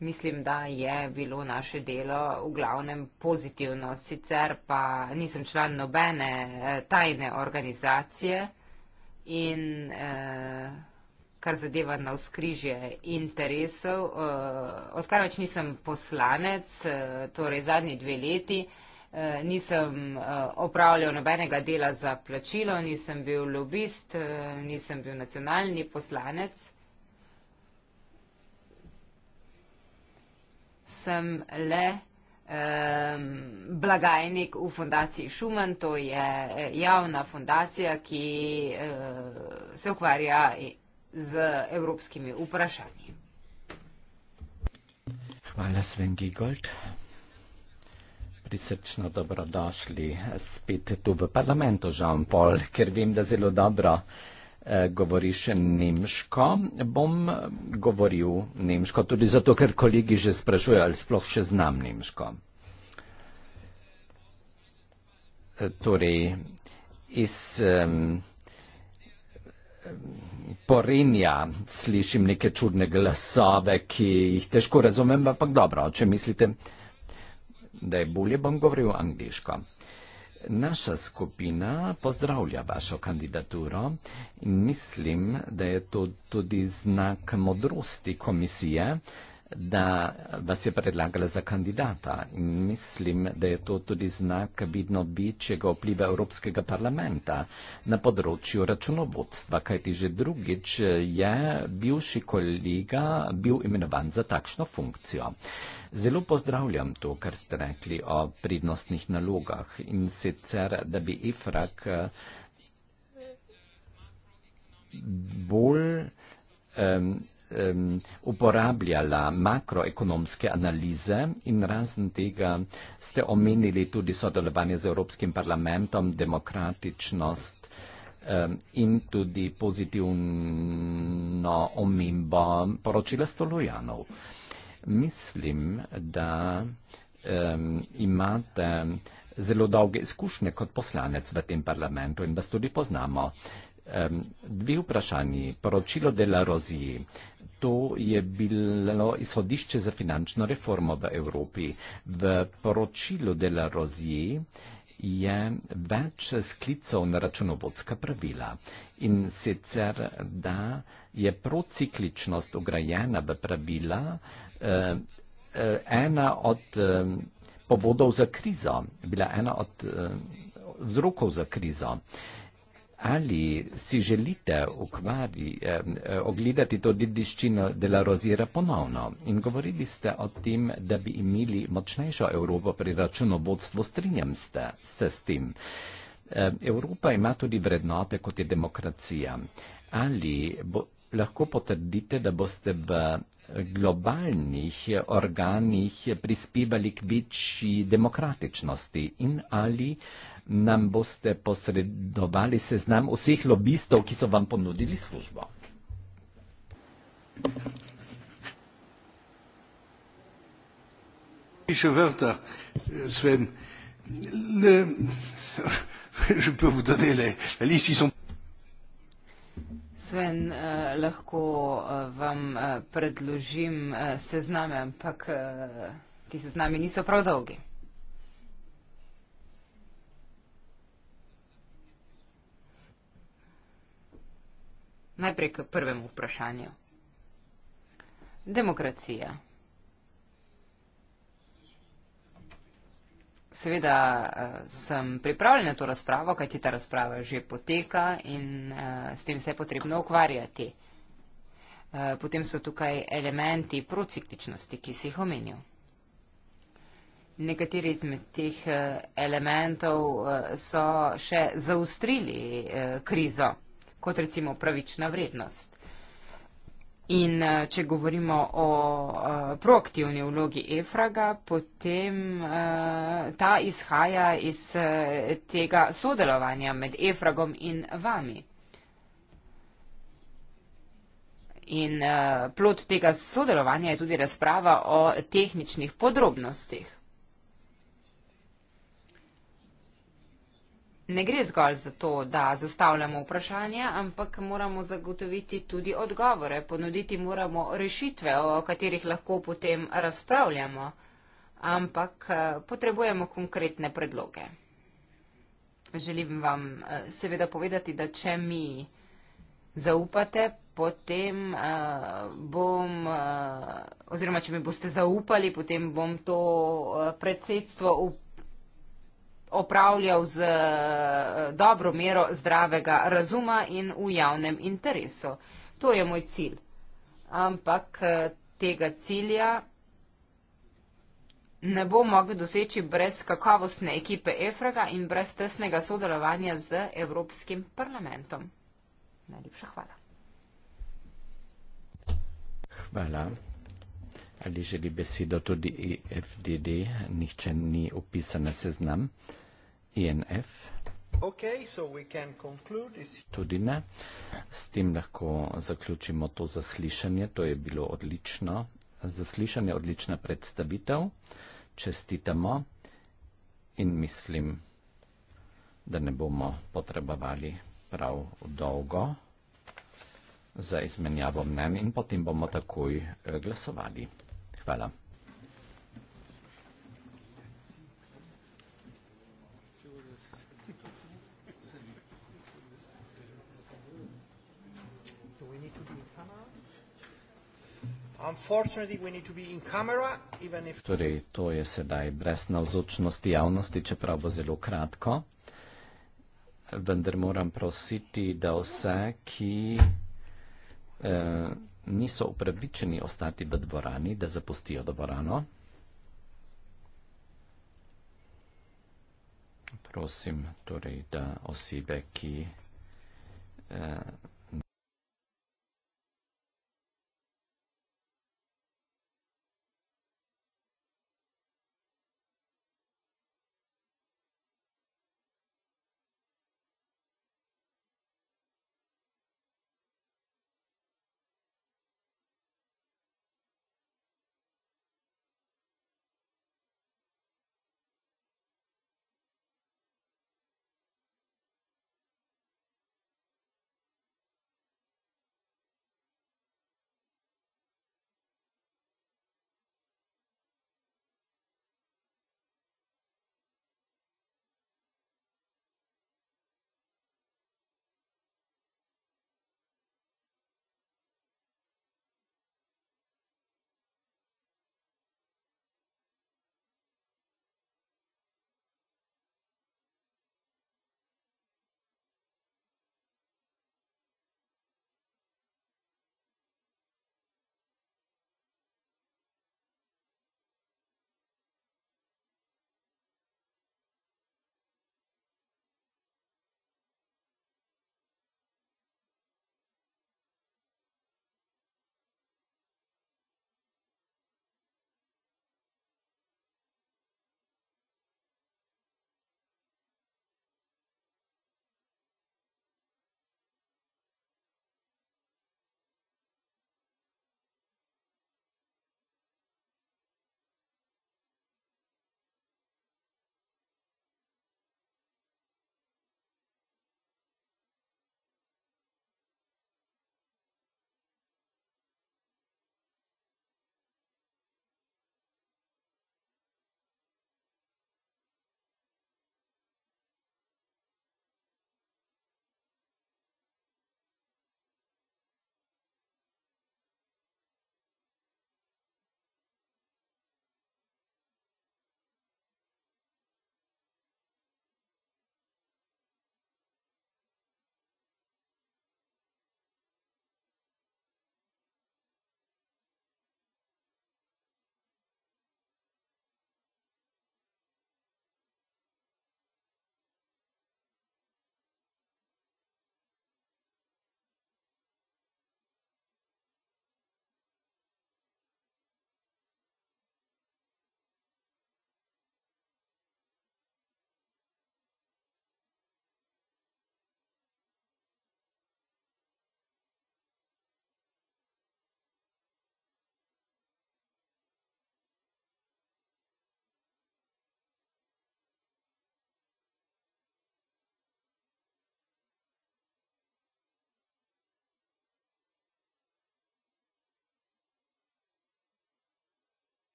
Mislim, da je bilo naše delo v glavnem pozitivno, sicer pa nisem član nobene eh, tajne organizacije in eh, kar zadeva na vzkrižje interesov, eh, odkar več nisem poslanec, eh, torej zadnji dve leti, eh, nisem eh, opravljal nobenega dela za plačilo, nisem bil lobist, eh, nisem bil nacionalni poslanec. Eh, sem le um, blagajnik v fundaciji Šumen, to je e, javna fundacija, ki uh, se ukvarja z evropskimi vprašanji. Hvala, Sven Gigold. Prisrčno dobrodošli spet tu v parlamentu, Žan Pol, ker vem, da zelo dobro uh, Eh, govoriš nemško, bom eh, govoril nemško, tudi zato, ker kolegi že sprašujejo, ali sploh še znam nemško. Eh, torej, iz um, porenja slišim neke čudne glasove, ki jih težko razumem, ampak dobro, če mislite, da je bolje, bom govoril angliško. Naša skupina pozdravlja vašo kandidaturo in mislim, da je to tudi znak modrosti komisije, da vas je predlagala za kandidata in mislim, da je to tudi znak vidno večjega vpliva Evropskega parlamenta na področju računovodstva, kajti že drugič je bivši kolega bil imenovan za takšno funkcijo. Zelo pozdravljam to, kar ste rekli o pridnostnih nalogah in sicer, da bi Ifrak eh, bolj um, um, uporabljala makroekonomske analize in razen tega ste omenili tudi sodelovanje z Evropskim parlamentom, demokratičnost um, in tudi pozitivno omimbo poročila Stolujanov. Mislim, da um, imate zelo dolge izkušnje kot poslanec v tem parlamentu in vas tudi poznamo. Um, dve vprašanji. Poročilo Dela Rozi to je bilo izhodišče za finančno reformo v Evropi. V poročilu de la Rosier je več sklicov na računovodska pravila in sicer, da je procikličnost ugrajena v pravila eh, eh, ena od eh, povodov za krizo, bila ena od eh, vzrokov za krizo. Eh, ali si želite ukvari, eh, ogledati to dediščino de la Rozira ponovno. In govorili ste o tem, da bi imeli močnejšo Evropo pri računovodstvu, strinjam ste se s tem. Evropa ima tudi vrednote, kot je demokracija. Ali bo, lahko potrdite, da boste v globalnih organih prispevali k večji demokratičnosti in ali eh, nam boste posredovali seznam vseh lobistov, ki so vam ponudili službo. Piše vrta, Sven. Le... Je peux vous donner les, les listes qui sont... Sven, eh, lahko eh, vam eh, predložim eh, sezname, ampak eh, ti sezname niso prav dolgi. Najprej k prvemu vprašanju. Demokracija. Seveda eh, sem pripravljen na to razpravo, kajti ta razprava že poteka in eh, s tem se je potrebno ukvarjati. Eh, potem so tukaj elementi procikličnosti, ki si jih omenil. Nekateri izmed teh elementov so še zaustrili krizo kot recimo pravična vrednost. In eh, če govorimo o eh, proaktivni vlogi Efraga, potem eh, ta izhaja iz tega sodelovanja med Efragom in vami. In plot tega sodelovanja je tudi razprava o tehničnih podrobnostih. ne gre zgolj za to, da zastavljamo vprašanja, ampak moramo zagotoviti tudi odgovore, ponuditi moramo rešitve, o katerih lahko potem razpravljamo, ampak eh, potrebujemo konkretne predloge. Želim vam eh, seveda povedati, da če mi zaupate, potem eh, bom, oziroma če mi boste zaupali, potem bom to predsedstvo upravljala opravljal z eh, dobro mero zdravega razuma in v javnem interesu. To je moj cilj. Ampak eh, tega cilja ne bo mogel doseči brez kakovostne ekipe Efraga in brez tesnega sodelovanja z Evropskim parlamentom. Najlepša hvala. Hvala. Ali želi besedo tudi e FDD? Nihče ni upisan na seznam. INF. E okay, so we can conclude this. Tudi ne. S tem lahko zaključimo to zaslišanje. To je bilo odlično. Zaslišanje, odlična predstavitev. Čestitamo in mislim, da ne bomo potrebovali prav dolgo za izmenjavo mnen in potem bomo takoj eh, glasovali. Hvala. Torej, to je sedaj brez navzočnosti javnosti, čeprav bo zelo kratko. Vendar moram prositi, da vse, ki eh, niso upravičeni ostati v dvorani, da zapustijo dvorano. Prosim, torej, da osebe, ki. Eh,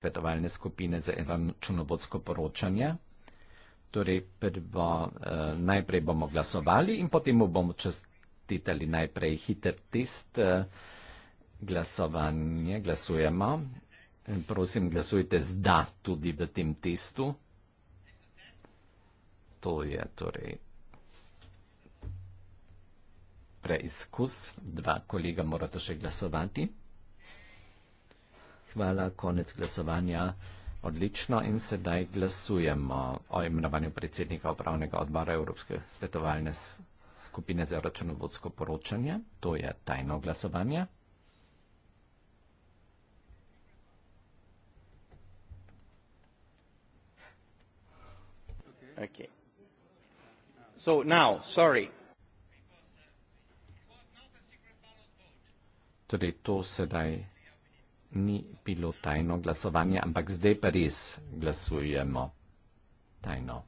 svetovalne skupine za računovodsko poročanje. Torej, prvo, eh, najprej bomo glasovali in potem bomo čestitali najprej hiter test eh, glasovanje. Glasujemo. In prosim, glasujte z da tudi v tem testu. To je torej preizkus. Dva kolega morata še glasovati. Hvala, konec glasovanja. Odlično in sedaj glasujemo o imenovanju predsednika upravnega odbora Evropske svetovalne skupine za računovodsko poročanje. To je tajno glasovanje. Okay. So now, sorry. Torej to sedaj ni bilo tajno glasovanje, ampak zdaj pa res glasujemo tajno.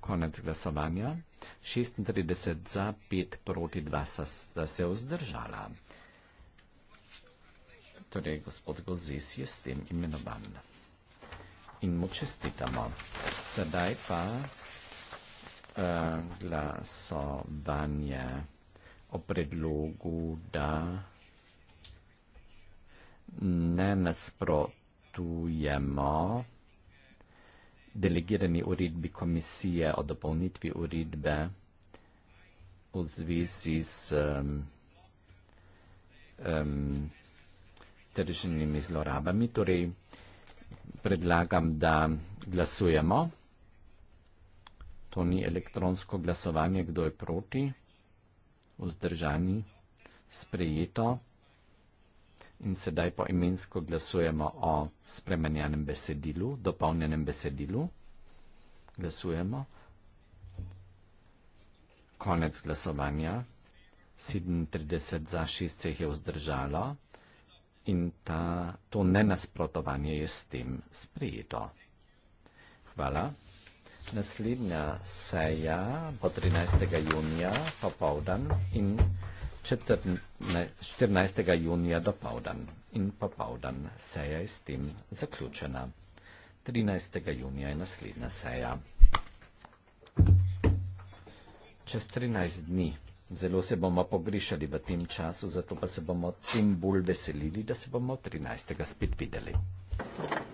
Konec glasovanja. 36 za, 5 proti 2 sta se vzdržala. Torej, gospod Gozis je s tem imenovan. In mu čestitamo. Sedaj pa uh, glasovanje o predlogu, da ne nasprotujemo delegirani uredbi komisije o dopolnitvi uredbe v zvezi s um, um, tržnimi zlorabami. Torej, predlagam, da glasujemo. To ni elektronsko glasovanje, kdo je proti vzdržani, sprejeto in sedaj po imensko glasujemo o spremenjenem besedilu, dopolnjenem besedilu. Glasujemo. Konec glasovanja. 37 za 6 se je vzdržalo in ta, to nenasprotovanje je s tem sprejeto. Hvala naslednja seja bo 13. junija popovdan in 14. junija dopovdan in popovdan seja je s tem zaključena. 13. junija je naslednja seja. Čez 13 dni zelo se bomo pogrišali v tem času, zato pa se bomo tem bolj veselili, da se bomo 13. spet videli. Thank you.